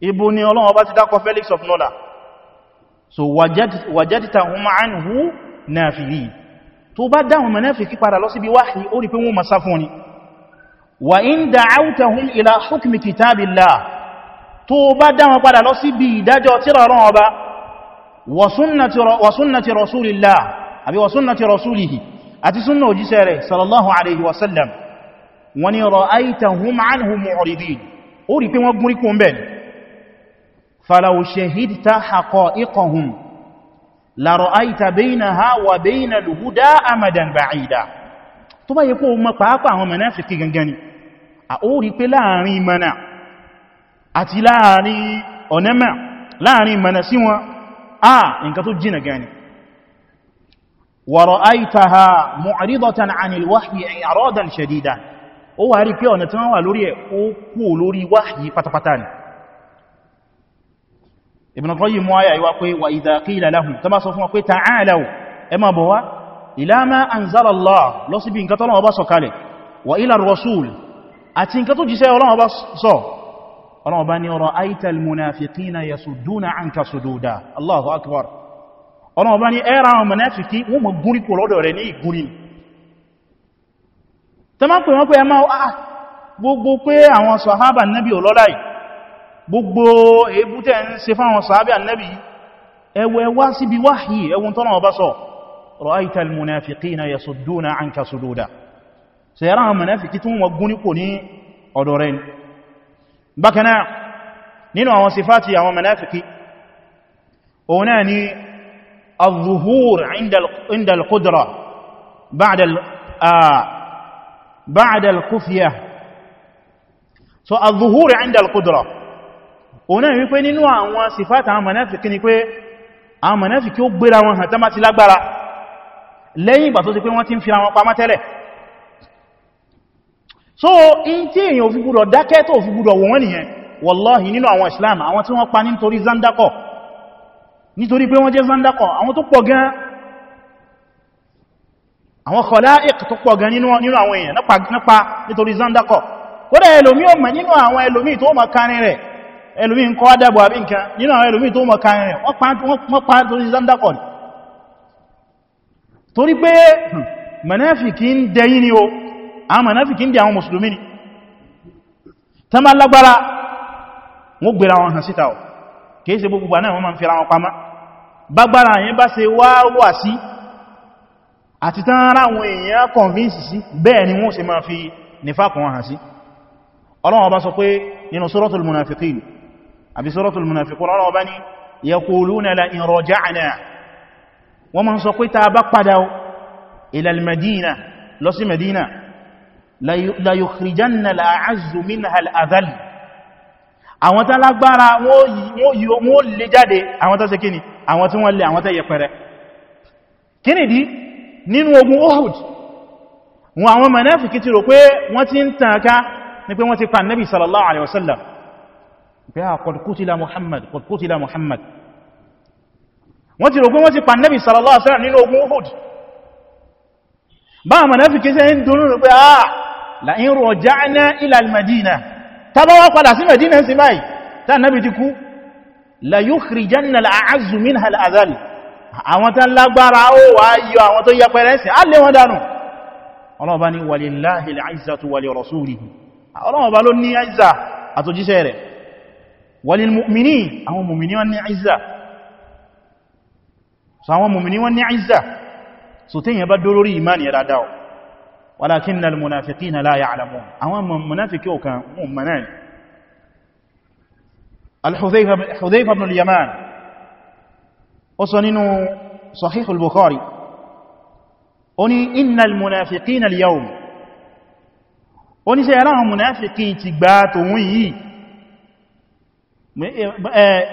ibo ni Ọlọ́run bá ti dákọ Felix of nola so wajadtahum anhu nafirin tó bá dáhùn mẹ́nẹ́fìkí tó bá dáhùn padà lọ síbi ìdájọ́ tírà Ọlọ́run ọba wasunnati rasulillah àbí wasunnati rasulihi àti sunna òjíṣẹ́ rẹ̀ sallallahu alaihi wasallam wani ra'aytahum anhu mu'ridin ó rí pé wọ́n gúnrí kó ń bẹ̀ falaw shahidta haqa'iqahum la ra'ayta baynaha wa bayna al-huda amadan ba'ida tó bá yẹ kó mọ̀ pàápàá àwọn mùnáfìkí gangan ni a ó rí pé láàrin mana àti láàrin ọ̀nẹ́mà láàrin mana sí wọn ah nǹkan tó jìnà gani wa ra'aytaha mu'ridatan 'anil wahyi ay aradan shadidan ó wá rí pé ọ̀nà tí wọ́n wà lórí ẹ̀ ó kú lórí wahyi pátápátá ni Ibn Qayyim wáyà yíwá pé wa idha qila lahum tó bá sọ fún wa pé ta'alaw ẹ ma bọ̀ wá ila ma ọlọ́wọ́ bá ní ọ̀rọ̀ aital munafikina yasudduna anka sududa Allahu akbar ọlọ́wọ́ bá ní ẹ́ra àwọn munafiki wọ́n mọ̀ gúrí kò lọ́dọ̀ rẹ̀ ní ìgúrí ta ma pè wọ́n pé ẹmá ah, gbogbo pé àwọn sahaba nabi ọlọ́láì gbogbo ebú tẹ́ ń ṣe fáwọn sahaba nabi ẹwẹ bákaná nínú àwọn sífàtí àwọn manáfikí òun náà ni al-zuhur inda al-qudra ba'da al-kufiya so al-zuhur inda al-qudra òun náà wípé nínú àwọn sífàtí àwọn manáfikí ni pé àwọn manáfikí ó gbéra wọn hàn tán bá ti lágbára lẹ́yìn ìgbà tó ti pé wọ́n ti ń fi àwọn pamọ́ so in tí èyàn fi gbúdọ̀ dákẹ́ tó fi gbúdọ̀ wọ̀n nìyẹn wallahi nínú àwọn islam àwọn tí wọ́n pa nítorí zandakọ̀ nítorí pé wọ́n jẹ́ zandakọ̀ àwọn tó pọ̀ gan àwọn khalaiq tó pọ̀ gan nínú àwọn èèyàn nípa nítorí zandakọ̀ kódà ẹlòmí ò mọ̀ nínú àwọn ẹlòmí tó mọ̀ kárin rẹ̀ ẹlòmí ń kọ́ dàbọ̀ àbí nǹkan nínú àwọn ẹlòmí tó mọ̀ kárin rẹ̀ wọ́n pa nítorí zandakọ̀ torí pé mùnáfìkí hmm, ń dẹyìn ni o àwọn mọ̀náfíkì ń di àwọn mùsùlùmí ni tán bá lágbára wọ́n gbèrà wọn hàn síta ọ̀ kìí ṣe gbogbo náà wọ́n ma ń fira wọn pamá bágbára àyín bá ṣe wá wà sí àti tán ara àwọn èèyàn convince sí bẹ́ẹ̀ ni wọ́n ṣe máa fi nífàkùn wọn hàn sí Ọlọ́run bá sọ pé suratul munafiqin àbí suratul munafiqun Ọlọ́run bá ní yaquluna la in raja'na wọ́n ma ń sọ pé ta bá padà ila al-Madina lọ sí Madina la yukhrijanna al-a'azzu minha al-adhall àwọn tán lágbára wọ́n ó lè jáde àwọn tán ṣe kíni àwọn tí wọ́n lè àwọn tán yẹpẹrẹ kíni dí nínú ogun Uhud wọn àwọn mùnáfìkí ti rò pé wọ́n ti ń tàn ká ní pé wọ́n ti pa Nabi sallallahu alaihi wasallam pé a ah, qad qutila Muhammad qad qutila la'in raja'na ila al-madina ta bá wá padà sí madina sí báyìí ta nábi ti kú la yukhrijanna al-a'azzu minha al-adhall àwọn tán lágbára ó wá yọ àwọn tó yẹ pẹ̀rẹ̀ sí alẹ́ wọn dánù ọlọ́ọ̀bá ni walillahi al-izzatu wa li rasulihi ọlọ́ọ̀bá ló ní àìzà àtòjíṣẹ́ rẹ̀ wa lil mu'minin àwọn mu'mini wọn ní àìzà so mu'mini wọn ní àìzà so tí èyàn bá dó lórí ìmáni ولكن المنافقين لا يعلمون أو منافق كان مؤمنان الحذيفة حذيفة بن اليمان وصنين صحيح البخاري أني إن المنافقين اليوم أني سيراه منافقين تقبات وي إيه، إيه،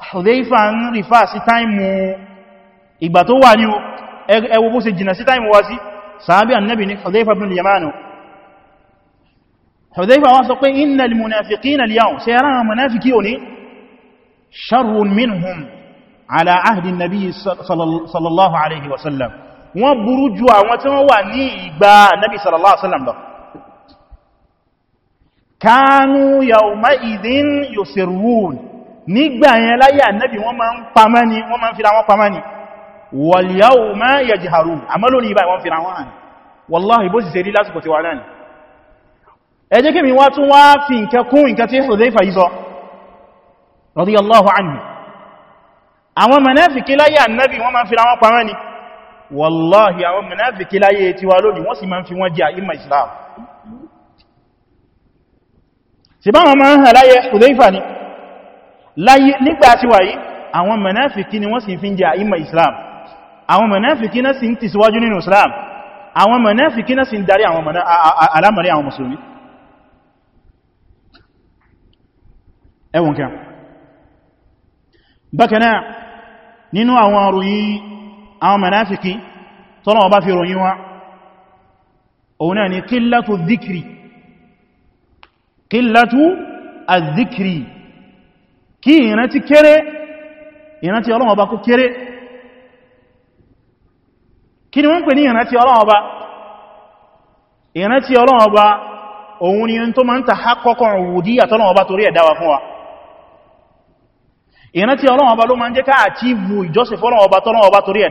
حذيفة رفاسي تايمو إقباتوا وانيو أبو إيه، بوسي جناسي تايمو واسي صحابي النبي حذيفة بن اليمان حذيفة وصفه إن المنافقين اليوم سيرى منافقين شر منهم على عهد النبي صلى الله عليه وسلم وبرجوا وتموا نيبا النبي صلى الله عليه وسلم كانوا يومئذ يسرون نيبا يلايا النبي وما انقمني وما انفلا وقمني wal yawma yajharun àmọ́ lónìí báyìí wọ́n fi ràn wọ́n wallahi bó sì ṣe rí lásìkò ti wà náà ni ẹ jẹ́ kí mi wá tún wá fi nǹkan kún nǹkan tí Hudhayfa yìí sọ radiyallahu anhu àwọn mùnáfìkí láyé annabi wọ́n máa fi ra wọn pa wọ́n ni wallahi àwọn mùnáfìkí láyé tiwa lónìí wọ́n nígbà tí wà yìí àwọn mùnáfìkí ni wọ́n sì fi ń jẹ́ àìmà islam àwọn mọ̀náfikí náà sì ń tẹ̀síwájú nínú islam àwọn mọ̀náfikí náà sì ń darí alámọ̀rí àwọn mùsùlùmí ẹwùn kí bákanáà nínú àwọn ròyìn àwọn mọ̀náfikí tọ́lọ̀ ọba fi ròyìn wá òun náà ni kílátù zikri kílátù azikri kí ìrántí kéré ìrántí ọlọ́wọ́ bá kó kéré kí ni wọ́n pè ní ìrántí Ọlọ́run Ọba ìrántí Ọlọ́run Ọba òun ni tó ma ń ta hakọ́kọ́ òwúdíyà tọ́lọ́run Ọba torí ẹ̀ dá wa fún wa ìrántí Ọlọ́run Ọba ló ma ń jẹ́ ká àchíìvù ìjọsìn fọ́lọ́run Ọba torí ẹ̀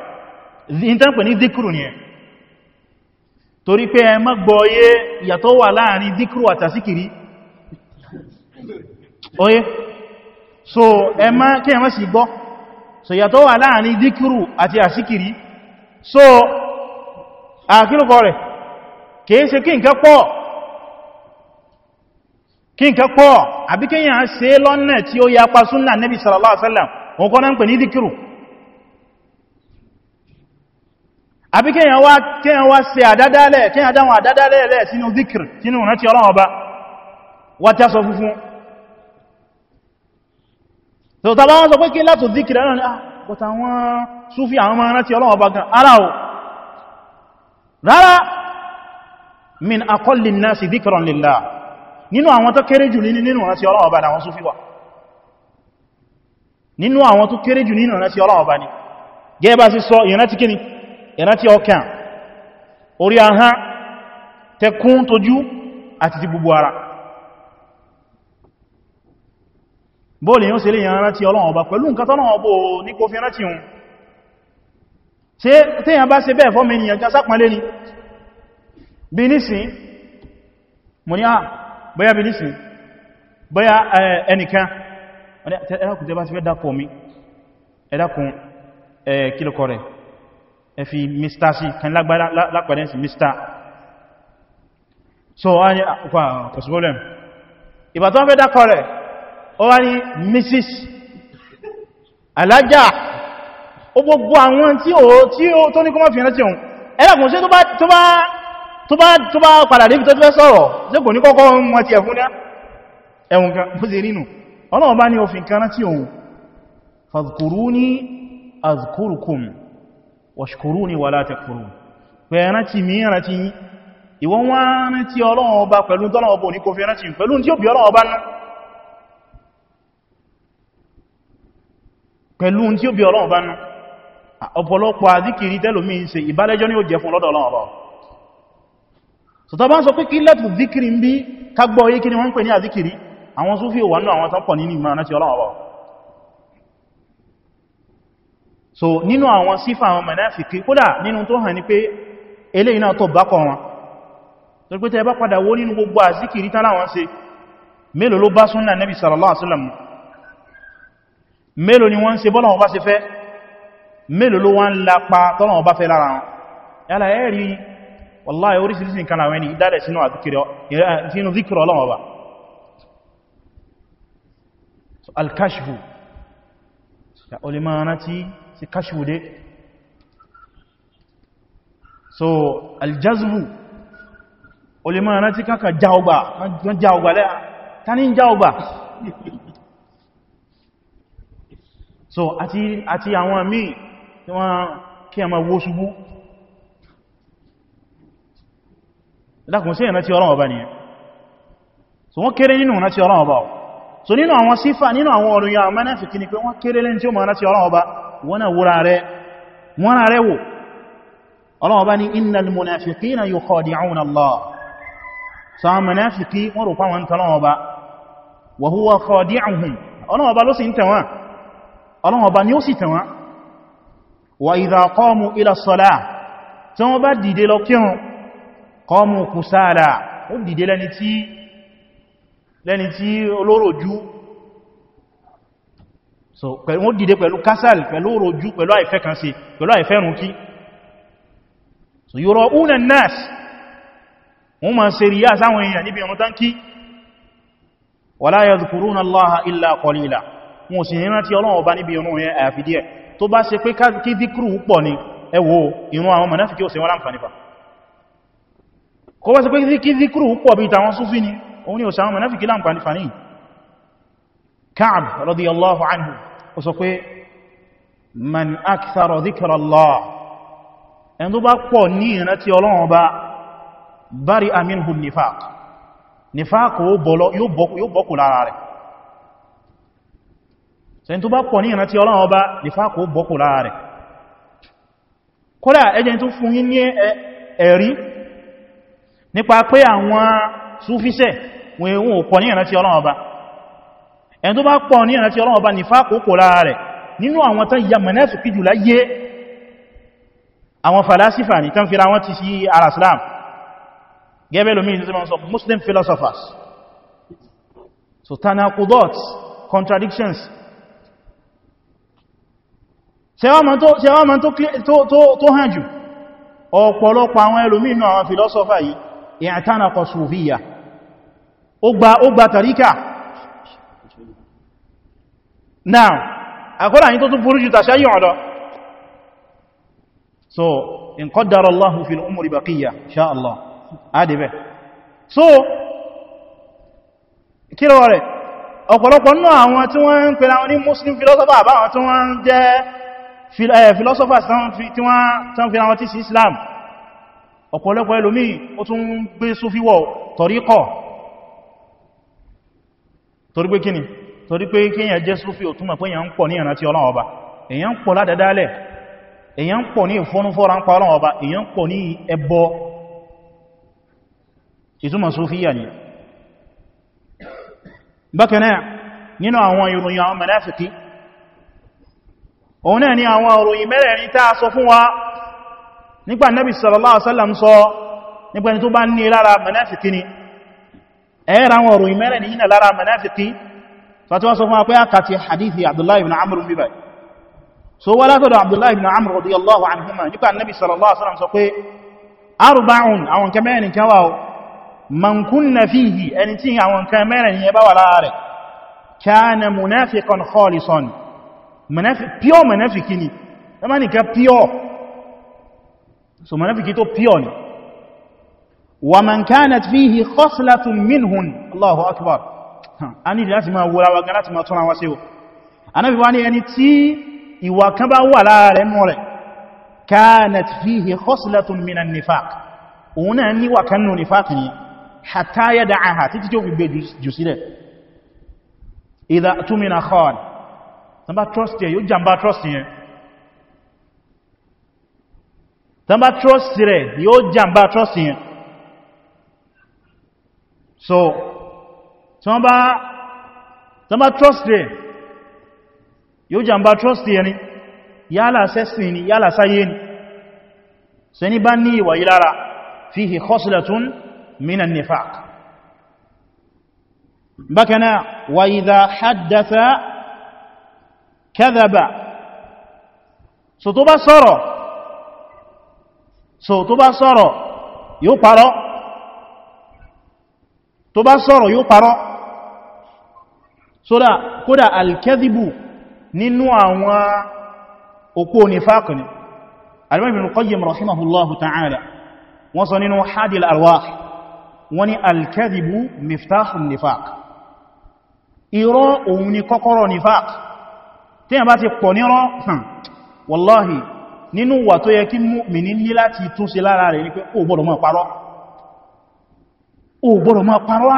ìtànpẹ̀ ní díkùrù ni ẹ̀ torí pé ẹ má gbọ́yé ìyàtọ̀ wà láàrin díkùrù àtàsíkìrí oye so ẹ má kí ẹ má so ìyàtọ̀ wà láàrin díkùrù àti so àkílùkọ rẹ̀ kìí ṣe kí nǹkan pọ̀ kí nǹkan pọ̀ àbíkẹ́yàn ṣe lọ́nà tí ó yapa súnnà nẹ́bí sallallahu àbí kíyàn wá kíyàn wá sí àdádálẹ̀ kíyàn dáwọn àdádálẹ̀ lẹ̀ sínú zikr sínú rántí ọlọ́wọ́ bá wà tí a sọ funfun tó tàbá wọ́n sọ pé kí látò zikr ẹ̀rọ ni ah, àpọ̀ta wọn súfí àwọn ọmọ rántí ọlọ́wọ́ bá gan ara o rárá min aqallin nasi zikran lillah nínú àwọn tó kéré jù nínú rántí ìrántí ọkàn orí ahán tẹkún tójú àti ti gbogbo ara bóòlì yóò ṣe lè yàn rántí Ọlọ́run ọba pẹ̀lú nǹkan tọ́nà ọbọ̀ ní kò fi rántí hun ṣe tẹ́yàn bá ṣe bẹ́ẹ̀ fọ́mí ènìyàn já sápọ̀lé ni bí nísìn mo ní à ah, bóyá bí nísìn bóyá ẹnìkan ẹ̀dàkùn tẹ́ bá ti fẹ́ dákọ̀ mi ẹ fi mr sí kan lápẹ̀lẹ́ sí mr so wá ní àkùkà ah, kòsìbólẹ̀m ìbà tó ń fẹ́ dákọ̀ rẹ̀ ó wá ní mrs alájá ó gbogbo àwọn tí ó tó ní kó má fi rántí òun ẹlẹ́kùn sí tó bá padà débi tó fẹ́ sọ̀rọ̀ tí kò ní kọ́kọ́ wọn ti ẹ̀fún ní ẹ̀wùn kan bó ṣe rínú ọlọ́wọ́ bá ní òfin kan rántí òun fadhkuruni washkuruni wala takfurun pé rántí mi rántí ìwọ́n wá rántí ọlọ́run ọba pẹ̀lú tọ́lọ́run ọba ní kò fi rántí pẹ̀lú tí ó bí ọlọ́run ọba náà pẹ̀lú tí ó bí ọlọ́run ọba náà ọ̀pọ̀lọpọ̀ àdíkìrí tẹ́lòmí ṣe ìbálẹ́jọ́ ní ó jẹ fún lọ́dọ̀ ọlọ́run ọba so nínú àwọn sífà àwọn mùnáfìkí kódà nínú tó hàn ní pé eléyìí náà tó bákọ̀ wọn tó pé tẹ́ bá padà wó nínú gbogbo àzíkìrí tán láwọn ṣe mélòó ló bá súnnà nẹ́bí sallallahu alaihi wasallam mélòó ni wọ́n ṣe bọ́lọ̀ ọba ṣe fẹ́ mélòó ló wá ń lapa tọ́lọ̀ ọba fẹ́ lára wọn yálà ẹ́rí wallahi orísìírísìí nǹkan àwọn ẹni ìdádẹ̀ sínú zikir eh, ọlọ́wọ́ ọba al-kashfu sí káṣùdé so aljazbu o lè máa rántí káka já ọgbà wọ́n já ọgbà lẹ́yà ta ní já ọgbà so àti àwọn míì tí wọ́n kí a máa wó ṣubú lákùn sí ìrántí ọ̀rọ̀ ọba nìyàn so wọ́n kéré nínú ìrántí ọ̀rọ̀ ọba so nínú àwọn sífà nínú àwọn ọ̀rọ̀ yà mẹ́nàfikì ni pé wọ́n kéré lẹ́ni tí ó máa rántí ọ̀rọ̀ ọba wọ́n wúra rẹ̀ wọ́n rẹ̀ wò ọlọ́wọ́ bá ní innal munafiqina yukhadi'una Allah so a munafiki wọ́n rò fáwọn tọ́lọ́wọ́ bá wa huwa khadi'uhum ọlọ́wọ́ bá ló sì ń tẹ̀wọ́n ọlọ́wọ́ bá wọ́n lẹ́ni tí olóròjú so wọ́n dìde pẹ̀lú kásàl pẹ̀lú rojú pẹ̀lú àìfẹ́ kan sí pẹ̀lú àìfẹ́ rúnkí so yọrọ una nas wọ́n ma ṣe ríyà sáwọn èèyàn níbi ọmọ tánkí wala yadhkuruna Allaha illa qalila pé kí díkùrù pọ̀ bí tàwọn súfí ni òun ni ò ṣe àwọn mọ̀náfikí láǹfànífà ní Ka'b radiyallahu anhu ó sọ pé man akthara dhikra Allah ẹni tó bá pọ̀ ní ìrántí Ọlọ́run bá bari'a minhu nifaq nifak yóò yóò bọ́kù lára rẹ̀ ẹjẹ́ tó fún ní ẹ̀rí nípa pé àwọn wọn ní ìrántí ẹni tó bá pọ̀ ní ìrántí Ọlọ́run bá ní fákòókò lára rẹ̀ nínú àwọn tán ya mọ̀nẹ́fìkì jù láyé àwọn falasífà ní tán fira wọn ti sí ara Islam gẹ́bẹ̀ lómi ìsẹ́ mọ́ sọ Muslim philosophers so tanakudot contradictions sẹ́wọ́n mọ́ tó hàn jù ọ̀pọ̀lọpọ̀ àwọn ẹlòmí inú àwọn philosopher yìí ìyàtánakọ̀ sùfíyà ó gba tàríkà now àkọ́lá yìí tó tún burú jù tàṣáyìn ọ̀dọ́ so in qaddara Allahu fil umuri baqiyya insha Allah adìbẹ̀ so kíra rẹ̀ ọ̀pọ̀lọpọ̀ nínú àwọn tí wọ́n ń pẹ̀lá ní muslim philosopher àbáwọn tí wọ́n torí pé kíni torí pé kíyàn jẹ́ súfí ò túnmọ̀ pé èyàn ń pọ̀ ní ìrántí Ọlọ́run ọba èyàn ń pọ̀ ládàdálẹ̀ èyàn ń pọ̀ ní ìfọ́núfọ́ra ń pa Ọlọ́run ọba èyàn ń pọ̀ ní ẹbọ ìtúmọ̀ súfíyà ni bákan náà nínú àwọn ìròyìn àwọn mùnáfìkí òun àwọn ìròyìn mẹ́rẹ̀ẹ̀rin ní lára lára mùnáfìkí so àti wọ́n sọ fún wa pé àkàtì hadithi abdullahi ibn amr bíbá so wọ́n látọ̀dọ̀ abdullahi ibn amr radiyallahu anhuma nípa annabi sallallahu alaihi wasallam sọ pé arba'un àwọn kẹmẹ́rin kẹwàá man kunna fihi ẹni tí àwọn kẹmẹ́rin yẹ bá wà lára rẹ̀ kana munafiqan a ní láti máa wọ́ra wa gan láti máa tọ́ra wa sí o anábi wá ní ẹni tí ìwà kan bá wà lára rẹ̀ nú rẹ̀ kanat fihi khoslatun minan nifaq òun náà ní wà kan nù yóò jàmbá trust yẹn tán bá rẹ̀ yóò jàmbá trust yẹn so tí wọ́n bá trust rẹ̀ yóò jàmbá trust rẹ̀ ni yálà sẹ́sìn ni yálà sáyé ni sẹ ní bá ní ìwà yílára fihi khoslatun minan nifaq bákaná wa idha haddatha kadhaba so tó bá sọ̀rọ̀ so tó bá sọ̀rọ̀ yóò parọ́ tó bá sọ̀rọ̀ yóò parọ́ sódá kódà alkezibu nínú àwọn òpó nífàkì ni alimọ́bí Ibn Qayyim rahimahullahu ta'ala wọ́n sọ nínú hadil alwah wọ́n ni alkezibu miftahun nífàk irọ́ òun ni kọ́kọ́rọ̀ nífàk tí a bá ti pọ̀ nírọ́ hàn wallahi nínú wà tó yẹ kí mu'mini ní láti tún sí lára rẹ̀ ní pé ó gbọ́dọ̀ máa parọ́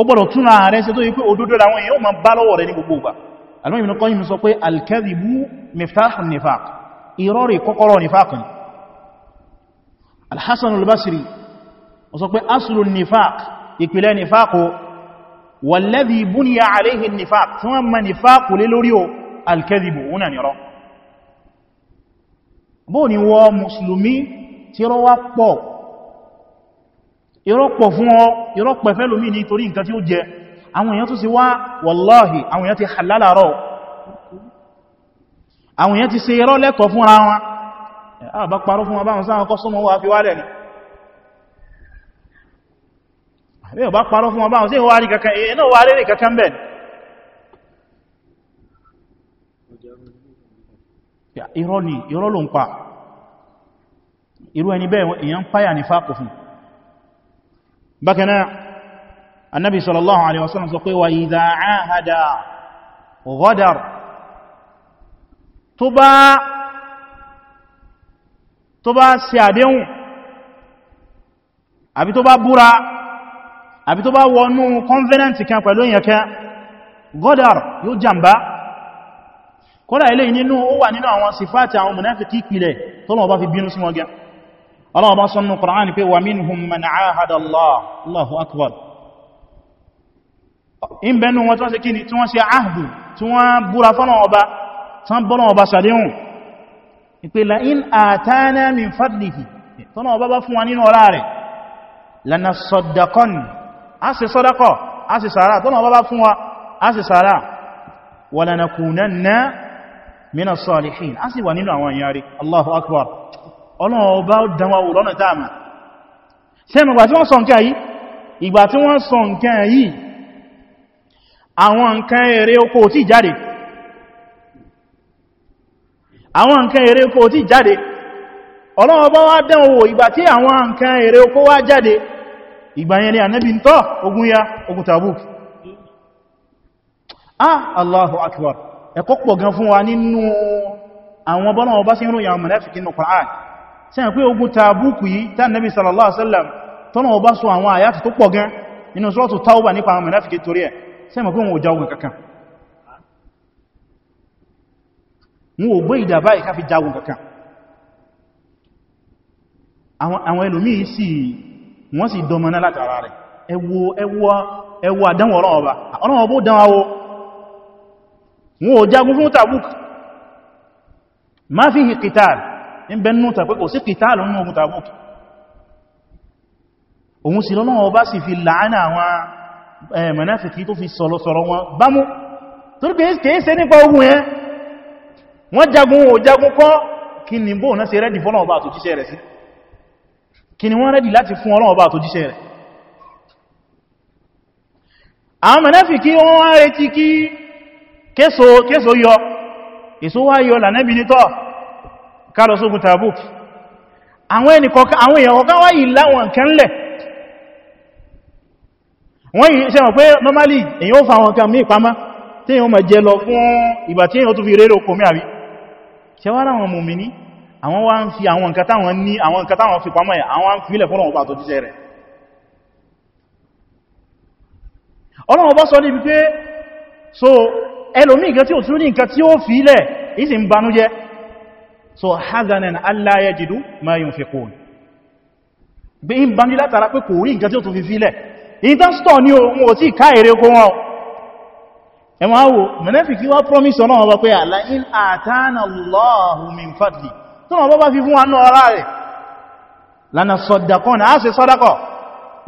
ó gbọ́dọ̀ túnra ààrẹ ṣe tó yí pé òdodo làwọn èèyàn ma bá lọ́wọ́ rẹ̀ ní gbogbo ìgbà alìmọ́ ìbìnà kan yìí sọ pé alkẹ́dìbú miftahun nifaq irọ́ rẹ̀ kọ́kọ́rọ́ nifaq ni alhassan al-basri ó sọ pé aslu nifaq ìpìlẹ̀ nifaq o walladhi buniya alayhi nifaq irọ́ pọ̀ fún ọ irọ́ pẹ̀fẹ́ lómi ní torí nǹkan tí ó jẹ àwọn èèyàn tó sì wá wàláhì àwọn èèyàn ti halala rọ àwọn èèyàn ti ṣe irọ́ lẹ́tọ̀ fúnra wọn àbá parọ́ fún abáhùn sáwọn kọ́sọ́mọ́ wà fi wálẹ̀ ni àbí ọba parọ́ fún abáhùn sí wà rí kankan èèyàn ni irọ́ ló ń pa irú ẹni bẹ́ẹ̀ èèyàn páyà ní fáàkù fún bákaná annabi sallallahu alaihi wasallam sọ pé wa idha ahada ghadar tó bá tó bá ṣe àdéhùn àbí tó bá búra àbí tó bá wọnú convenant kan pẹ̀lú ìyẹ̀kẹ́ ghadar yóò jàmbá kọ́lá ilé nínú ó wà nínú àwọn sífàtì àwọn mùnáfikí ìpìlẹ̀ tó lọ bá fi bínú sí wọn gẹn Allah bá sọ nínú Qur'an pé wa minhum man ahada Allah Allahu akbar in bẹnu wọn tán sí kí ni tí wọ́n ṣe áhùdù tí wọ́n búra fọ́nà ọba tán bọ́nà ọba sàdéhùn ìpé la'in atana ọlọ́run ọba dánwà wò lọ́nà táàmà sẹ́nu ìgbà tí wọ́n sọ nǹkan yìí ìgbà tí wọ́n sọ nǹkan yìí àwọn nǹkan èrè oko tí jáde àwọn nǹkan èrè oko tí jáde ọlọ́run ọba wá dánwò ìgbà tí àwọn nǹkan oko wá jáde ìgbà yẹn ni ogun ya ogun Tabuk ah Allahu Akbar ẹ̀kọ́ pọ̀ gan fún wa nínú àwọn sí àwọn sẹ́yìn pé ogun tàbúkù yìí tán nẹ́bí sallallahu alaihi wasallam tọ́nà ọba sọ àwọn àyàtì tó pọ̀ gan inú sọ́tù taubà nípa àwọn mẹ́láfikẹ́ torí ẹ̀ sẹ́yìn ogun jagun àwọn wọ́n ò jagun fún ń bẹ nínú tàbí kò sí kìtàlù nínú ogun tàbí òun sí lọ́nà ọba sì fi láàánà àwọn mùnáfìkí tó fi sọ̀rọ̀ wọn bámú torí pé kìí ṣe nípa ogun yẹn wọ́n jagun ò jagun kọ́ kí ni bóò náà ṣe rẹ́dì fọ́nà ọba àtòjíṣẹ́ rẹ̀ sí kí ni wọ́n rẹ́dì láti fún ọlọ́run ọba àtòjíṣẹ́ rẹ̀ àwọn mùnáfìkí wọ́n wá retí kí késo yọ èso wá yọ lànẹ́bì ká lọ sógun Tabuk àwọn èèyàn kọ̀ọ̀kan wáyìí láwọn kan lẹ̀ wọ́n yìí ṣe mọ̀ pé normally èyàn ó fa àwọn kan mí ìpamá tí èyàn mọ̀ jẹ lọ fún ìgbà tí èyàn tó fi rérò kò mí àrí ṣe wá láwọn mùmí ní àwọn wá ń fi àwọn nǹkan táwọn ní àwọn nǹkan táwọn fi pamọ́ àwọn ń fílẹ̀ fún ọ̀pá tó jíṣẹ́ rẹ̀ so ẹlòmí nǹkan tí ò tún ní so hazanan alla yajidu ma yunfiqun bí i bá ní látara pé kò rí nǹkan tí ó tún fi fílẹ̀ ìtàstọ̀ ní ohun ò tí ká èrè kó wọn ẹwọ́n àwò mẹ́lẹ́fì kí wá promise ọ̀nà ọba pé àlá in àtànà Allahu min fadli tó náà bá fi fún wa náà ọlá rẹ̀ lana sọ́dakọ́ na á sì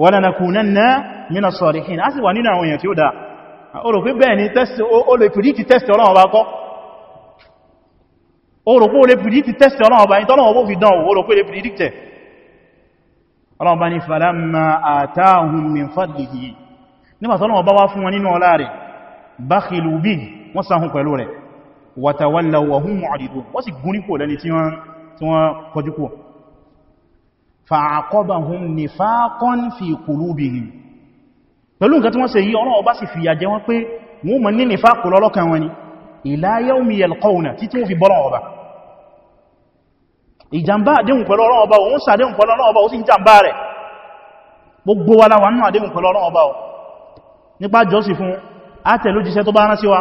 wa lanakunanna mina salihin á sì wà nínú àwọn èèyàn tí ó dá orùpó lè predict tẹ́sì ọlọ́ọ̀bá ní tọ́lọ́wọ́ fi dán orùpó lè predict ọlọ́ọ̀bá ní falamma atahum min fadlihi nígbà tọ́lọ́wọ́ bá wá fún wọn nínú ọlá rẹ̀ bakhilu bihi wọ́n sáhún pẹ̀lú rẹ̀ wa tawallaw wa hum mu'ridun wọ́n sì gún nípò lẹ́ni tí wọ́n kọjú kú fa'aqabahum nifaqan fi qulubihim ìlà yawmi yalqawna títí wọ́n fi bọ́lọ̀ ọba ìjàmbá àdéhùn pẹ̀lú ọlọ́run ọba òun sàdéhùn pẹ̀lú ọlọ́run ọba ó sì ń jàmbá rẹ̀ gbogbo wa láwà nínú àdéhùn pẹ̀lú ọlọ́run ọba nípa jọ́sì fún átẹ̀lójíṣẹ́ tó bá rán sí wa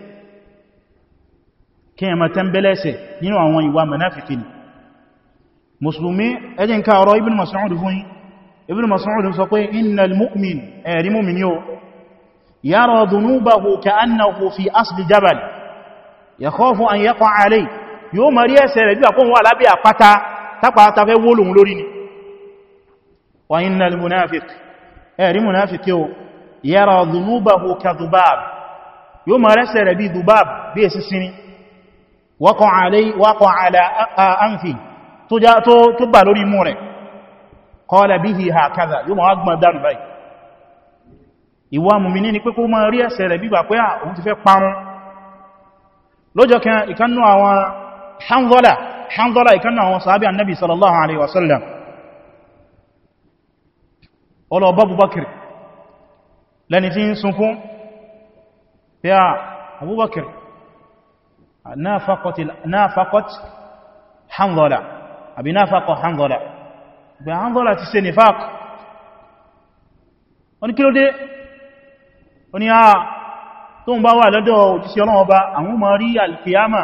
kí ẹmọ tẹ́m̀bẹ̀lẹ́sẹ̀ nínú àwọn ìwà mùnáfìkí ni musulmi ẹjẹ́ ń ká ọ̀rọ̀ ibn Mas'ud fún yín ibn Mas'ud sọ pé innal mu'min ẹ̀rí mu'min yóò yara dhunubahu ka'annahu fi asli jabal yakhafu an yaqa' alayhi yóò mọ̀ ẹ̀ṣẹ̀ rẹ̀ bí àpọ̀ wà lábẹ́ àpáta tápa tafẹ́ wólùn lórí ni wa innal munafiq ẹ̀rí munafiq yóò yara dhunubahu ka dubab yóò mọ̀ rẹ́ṣẹ̀ rẹ̀ bí dubab bí èsì sinmi waqa'a ala anfi tó bà lórí mú rẹ̀ qala bihi hakaza yóò mọ̀ agbọ̀n dánù báyìí ìwà mùmínì ni pé kó mọ́ rí ẹsẹ̀ rẹ̀ bígbà pé àwọn ti fẹ́ parun lọ́jọ́ kan ìkannú àwọn hanzọ́lá hanzọ́lá ìkannú àwọn sàábí annabi sallallahu alaihi wasallam ọlọ́ọ̀bá náfàkọ́t hanzọ́lá àbí náfàkọ́ hanzọ́lá gbà hanzọ́lá ti ṣe nifaq wọ́n kí ló dé wọ́n ni a ah, tó ń bá wà lọ́dọ̀ òjíṣẹ́ ọlọ́wọ́ bá àwọn ọmọ rí alkiyama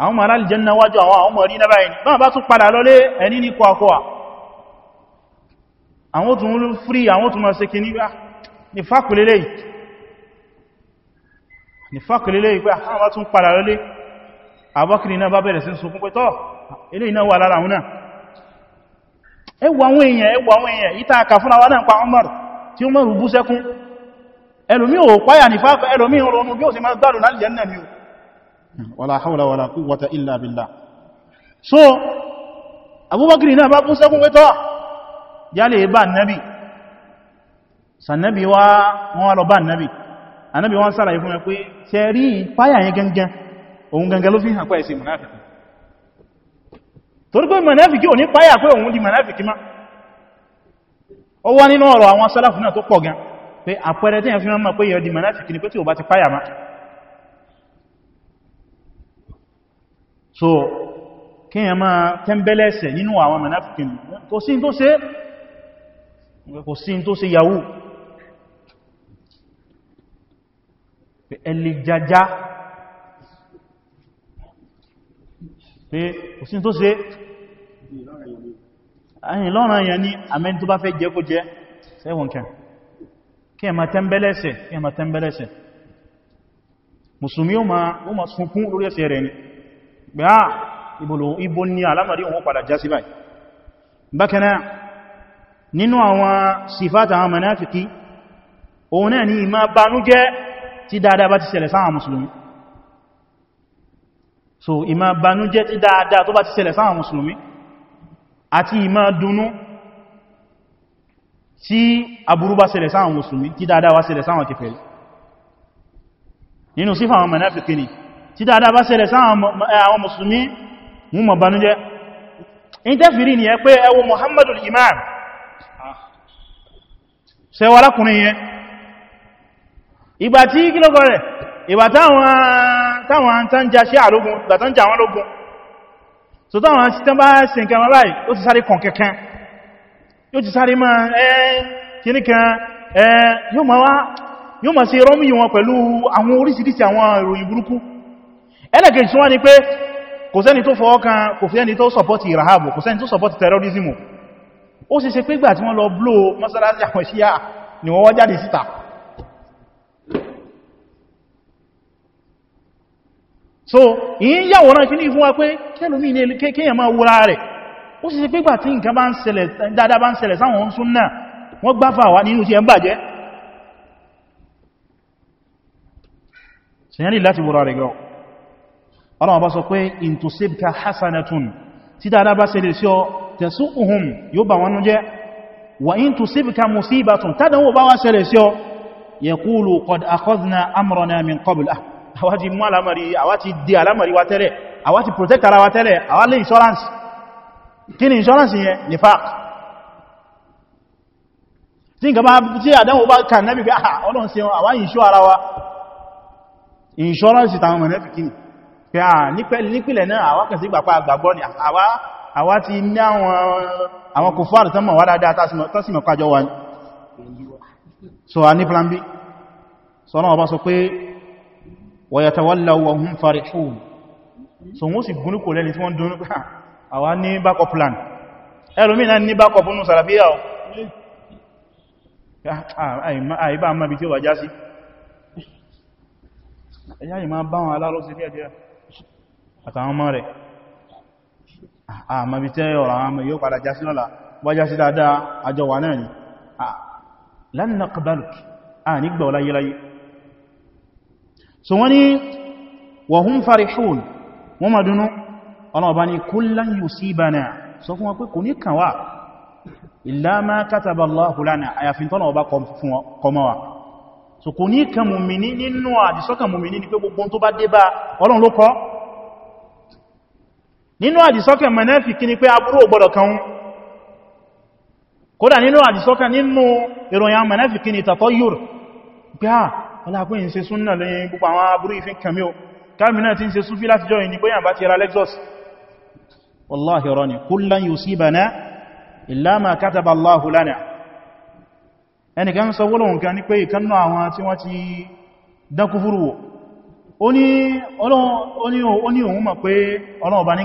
àwọn ọmọ aljanna wájú àwọn ọmọ rí náà báyìí báwọn bá tún padà lọlé ẹni ní ìpé àwọn bá tún padà lọlé àbọ́kìrì náà bá bẹ̀rẹ̀ sí sunkún pé tọ́ ilé iná wà lára wọn ẹwà àwọn èèyàn ẹwà àwọn èèyàn ìta àkà fún àwọn náà pa Umar tí ó mọ́rù bú sẹ́kún ẹlòmí ò páyà ní fáfẹ́ ẹlòmí ń ronú bí ó sì máa so abubakiri náà bá bú sẹ́kún pé tọ́ yálẹ̀ bá nabi sànnabi wá wọ́n lọ bá nabi anabi wọ́n sára ìfún òun gangan ló fi hàn pẹ́ ìsìn mùnáfìkì torí pé mùnáfìkì ò ní páyà pé òun di mùnáfìkì má ó wá nínú ọ̀rọ̀ àwọn sálàfù náà tó pọ̀ gan pé àpẹẹrẹ tí yẹn fi máa pé yẹn di ni pé tí ò bá ti páyà má so kí yẹn máa tẹ́m̀bẹ̀lẹ̀sẹ̀ nínú àwọn mùnáfìkì kò sí tó ṣe kò yahoo pé òsìn tó ṣe ẹ̀yìn lọ́rọ̀ èèyàn ní àmẹ́ni tó bá fẹ́ jẹ́ kó jẹ́ sẹ́wọ̀n kẹ kí ẹ̀mà tẹ́mbẹ́lẹ́sẹ̀ kí ẹ̀mà ma sunkún lórí ẹ̀ṣẹ̀ rẹ̀ ni pé á ibo ni alámàrí òun padà já sí báyìí bákan ni so ìmá banújẹ́ tí dáadáa tó bá ti ṣẹlẹ̀ sáwọn musulmi àti ìmá dunú tí aburú bá ṣẹlẹ̀ sáwọn musulmi tí dáadáa wá ṣẹlẹ̀ sáwọn kèfèrí nínú sífà àwọn mùnáfíkí ni tí dáadáa bá ṣẹlẹ̀ sáwọn musulmi mú mọ̀ banújẹ́ in tẹ́fìrí ni ẹ pé ẹ Muhammadu imam ṣẹwàlákùnrin yẹn ìgbà tí kílọ́gọ́ ìgbà táwọn tán já sí àlógún ìgbà tán já wọn lógún so táwọn sí tán bá sí nǹkan wọn báyìí ó ti sáré kàn kẹkàn yóò ti sáré máa ẹ́ kìníkan ẹ́ yóò máa wá yóò máa ṣe rọ́mù yíwọn pẹ̀lú àwọn oríṣìíríṣìí àwọn ìròyìn burúkú ẹlẹ́kẹ̀ẹ́ tí wọ́n ni pé kò sẹ́ni tó fọ́ ọkàn kò sẹ́ni tó sọpọ́tì ìràhábò kò sẹ́ni tó sọpọ́tì terrorism ó sì ṣe pé gbà tí wọ́n lọ bló mọ́sálásí àwọn ìṣíyà ni wọ́n wá jáde síta so yìí yàwòrán kí ní ìfún wa pé kẹ́lùmí ní kéèyàn máa wúra rẹ̀ ó sì ṣe pé gbà tí nǹkan bá ń ṣẹlẹ̀ dáadáa bá ń ṣẹlẹ̀ sáwọn súnnà wọ́n gbáfà wá nínú tí ẹ ń bàjẹ́ ṣìyànlẹ̀ láti wúra rẹ̀ gọ́ ọlọ́wọ́ bá sọ pé in tusibka hasanatun tí dáadáa bá ṣẹlẹ̀ sí ọ tasu'uhum yóò bà wọn jẹ́ wa in tusibka musibatun tádánwò bá wá ṣẹlẹ̀ sí ọ yaqulu qad akhadhna amrana min qabl ah àwa ti mú alamari àwa ti di alamari wa tẹ́lẹ̀ àwa ti protect ara wa tẹ́lẹ̀ àwa lè insurance kí ni insurance yẹn ni fact tí n kama tí àdánwò bá kà náà bí ah ọlọ́n sí àwa insure ara wa insurance tàwọn mọ̀lẹ́fì kí ni pé à ah, nípìlẹ̀ náà àwa kẹsí gbàpá àgbàgbọ́ ni àwa ti ní àwọn kòfààrì tán mọ̀ wá dáadáa tásìmọ̀ pàjọ wa ni so a ní plan b sọ́nà ọba sọ pé ويتولوا وهم فرحون so wọ́n sì gúnú kò lẹ́ni tí wọ́n dúnú pé àwa ní backup plan ẹlòmí náà ní backup nù sàràfíà ọ̀ àìbá àmà bí tí ó wà já sí ẹ̀yà ìmá báwọn alárọ́sí ní ẹ̀dẹ́ àtàwọn ọmọ rẹ̀ àmà bí tí ọ̀rọ̀ àmà yóò padà já sí lọ́la dáadáa àjọ wà náà ni lan naqbaluk à nígbà ọláyéláyé so wọ́n ni wọ̀hún farihun wọ́n ma dúnú ọlọ́ọ̀bá ni kullan yusibana sọ fún wọn pé kò ní kàn wá illa ma kataba Allahu lana àyàfin tọ́nà ọba kọmọ wa so kò ní kàn mùmìní nínú àdìsọ́kàn mùmìní ni pé gbogbo tó bá dé bá Ọlọ́run ló kọ nínú àdìsọ́kàn mùnáfìkí ni pé aburú ò gbọdọ̀ ọlápẹ́ ìṣe súnnà lẹ́yìn gbogbo àwọn aburú ìfin kàmí o kàmínà ti ń ṣe súnfí láti jọ ya bóyàn bá ti ra lexus wallahi ọ̀rọ̀ ni kullan yusibana illa ma Allahu lana ẹnìkan sọ wọ́lọ̀wọ̀n kan ní pé ìkannú àwọn tí ti dákúfúrúwò ó ní òun mọ̀ pé ọlọ́ọ̀bá ní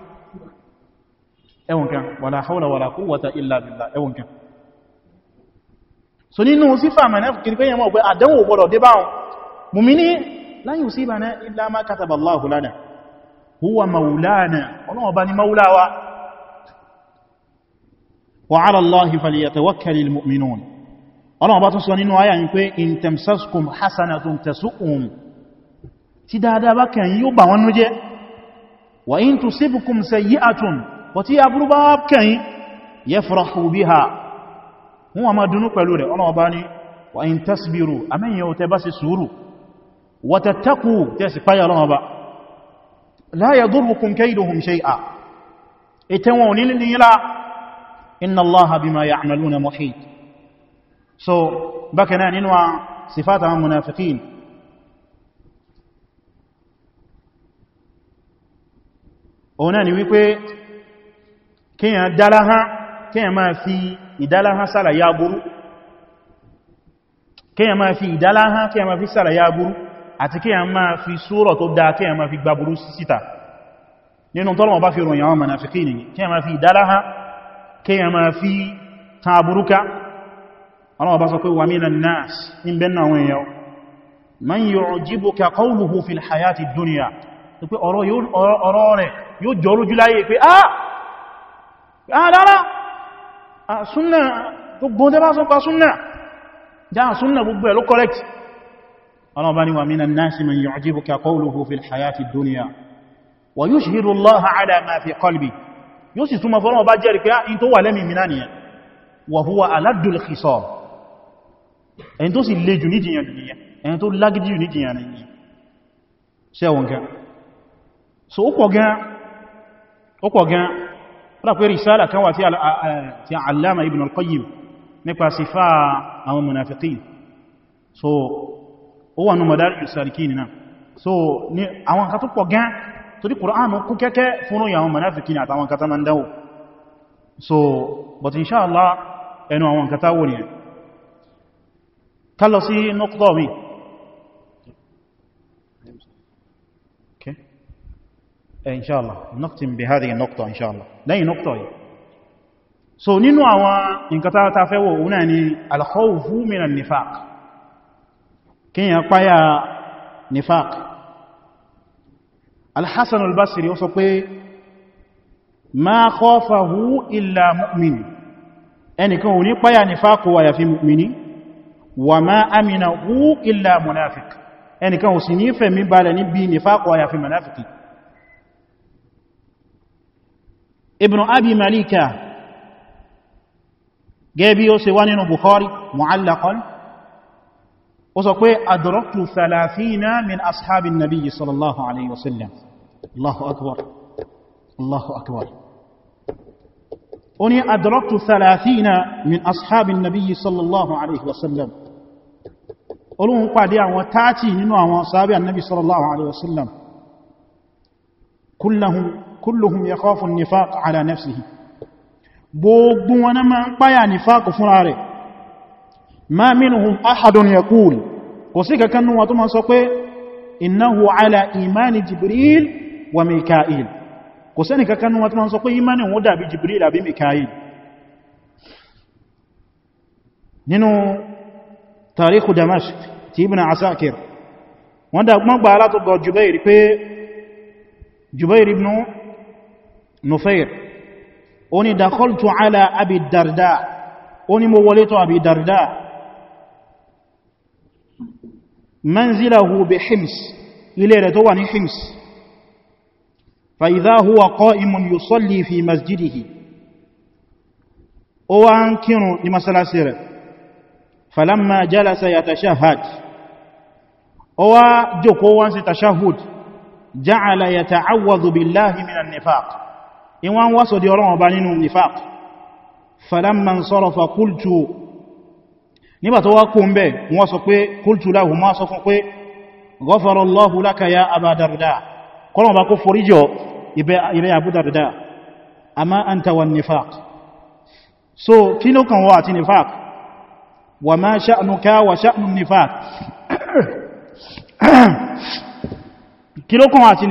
ẹwọ̀n kan wala hawla wala quwwata illa billah ẹwọ̀n kan so nínú sífà mẹ́rin kìrìkẹ́ yẹmọ́ pé àdánwò gbọ́dọ̀ dé báwọn mùmíní lan yusibana illa ma kataba Allahu lana huwa maulana ọlọ́wọ́ bá ní maulawa wa ala Allahi falyatawakkalil mu'minun ọlọ́wọ́ wa in tusibkum sayyi'atun bọ̀ tí aburú bá kẹ́yìn yafrahu biha wọ́n wà máa dúnú pẹ̀lú rẹ̀ ọ̀nà ọba ní wa in tasbiru amẹ́yìn o tẹ bá ṣe sùúrù wa tattaqu tẹ́ sì páyà lọ́wọ́ ba la yadurrukum kayduhum ni wípé kíyàn dáláhán kíyàn máa fi sára ya gúrú kíyàn máa fi ìdáláhán kíyàn máa fi sára ya gúrú àti kíyàn máa fi súrọ̀ tó dá kíyàn máa fi gbaburú síta nínú tọ́lọ̀ bá fi ròyìn àwọn mọ̀nàfikí ni kíyàn máa fi ìdáláhán rárá súnnà gbogbo tẹ́ sọ pa súnnà já súnnà gbogbo ẹ̀ ló correct Allah ní wa minan nasi man yu'jibuka qawluhu fil hayati dunya fi qalbi yóò wà lẹ́mì mìíràn nìyàn sẹ́wọ̀n gan so ó pọ̀ gan rápẹ́ risala kan wà tí Allama Ibn al-Qayyim nípa sífà àwọn munafiqin so ó wà ní Madarij as-Salikin so ní àwọn kan tó pọ̀ gan tó dí Qur'an kú kẹ́kẹ́ fún òyìn àwọn munafiqin àtàwọn kan tánà dáwò so but inshallah ẹnu àwọn kan táwò nìyàn kálọ sí nọ́kútọ̀ mi ان شاء الله نختم بهذه النقطه ان شاء الله لاي نقطه سو نينو اوا انكتا تافو وناني الخوف من النفاق كين يقايا نفاق الحسن البصري وصف ما خوفه الا مؤمن اني كون ني قايا نفاق ويا في مؤمن وما امنه الا منافق اني كون سنيفه مي بالا ني بي نفاق ويا في منافقين ibn abi malika gẹ́bí ó ṣe wá nínú bukhari mu'allaqan ó sọ pé adraktu thalathina min ashabin nabiyyi sallallahu alaihi wasallam allahu akbar allahu akbar ó ní adraktu thalathina min ashabin nabiyyi sallallahu alaihi wasallam olóhun pàdé àwọn táàtì nínú àwọn sahabi annabi sallallahu alaihi wasallam kullahum kulluhum yakhafu an-nifaq ala nafsihi gbogbo wọn na máa ń páyà nifaq fúnra rẹ̀ ma minhum ahadun yaqul kò sí kankan nínú wọn tó máa sọ pé innahu ala imani jibril wa mikail kò sẹ́ni kankan nínú wọn tó máa sọ pé imani wọn jibril àbí mikail nínú tàríkù damask ti ibn asakir wọ́n dàgbọ́n gbà látọ̀dọ̀ jubair pé jubair ibn نفير أني دخلت على أبي الدرداء أني موليت أبي الدرداء منزله بحمص إلي رتواني حمص فإذا هو قائم يصلي في مسجده لمسألة سيرة فلما جلس يتشهد وجقوا ستشهد جعل يتعوذ بالله من النفاق ìwọ́n wọ́sọ̀ di ọlọ́wọ́ bá nínú nifaq falamman sarafa qultu nígbà tó wá kún bẹ́ wọ́n sọ pé qultu láhù máa sọ fún pé ghafarallahu laka ya Aba Darda kọ́lọ̀ bá kó foríjọ ibẹ̀ Abu Darda amma so kí ló kàn wọ́ àti wa ma sha'nuka wa sha'nu nifaq kí ló kàn wọ́ àti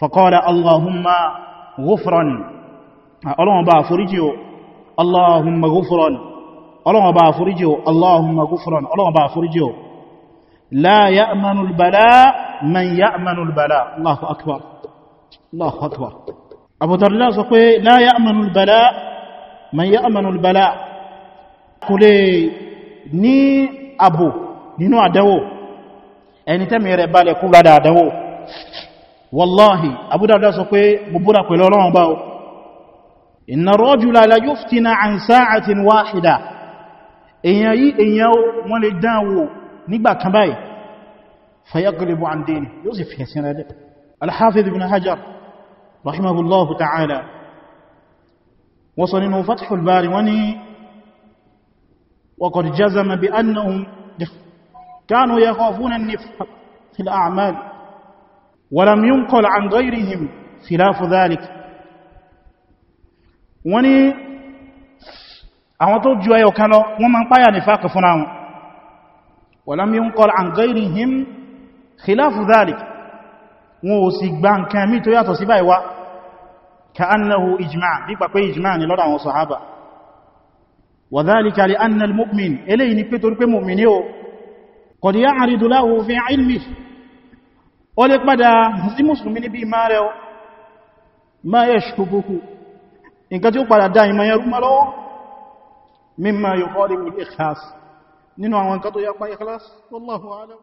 فقال اللهم غفرا اللهم با فرجيو اللهم غفرا اللهم با فرجيو اللهم غفرا اللهم با فرجيو لا يأمن البلاء من يأمن البلاء الله أكبر الله أكبر أبو درلا سقوي لا يأمن البلاء من يأمن البلاء قولي ني أبو نو أدو أني تمير بالي كولا دا أدو wallahi Abu Darda sọ pé búbúra pẹ̀lú ọlọ́run bá o inna rajula la yuftina an sa'atin wahida èyàn yí èyàn o wọ́n lè dan dánwò nígbà kan báyìí fayaglibu an din yusuf si sì rẹ̀ al-Hafiz ibn Hajar rahimahullahu ta'ala wọ́n sọ nínú Fathul Bari wọ́n ni wa qad jazama bi annahum kanu yakhafuna an-nifaq fil a'mal ولم ينقل عن غيرهم خلاف ذلك wọ́n ní àwọn tó ju ẹyọ kan lọ wọ́n ma ń páyà ní fàkì fún àwọn ولم ينقل عن غيرهم خلاف ذلك wọ́n ò sì gba nǹkan mí tó yàtọ̀ sí báyìí wá كأنه إجماع bí pàpẹ́ ìjìmá ni lọ́dọ̀ àwọn sàhábà وذلك لأن المؤمن eléyìí ni pé torí pé mùmìnì o قد يعرض له في علمه ó lè padà sí mùsùlùmí níbi ìmá rẹ̀ ma yẹ ṣùgbùkù nǹkan tí ó padà dá ìmọ̀ yẹrù mọ́ lọ́wọ́ mimma yukhalifu al-ikhlas nínú àwọn nǹkan tó yapa ikhlas wallahu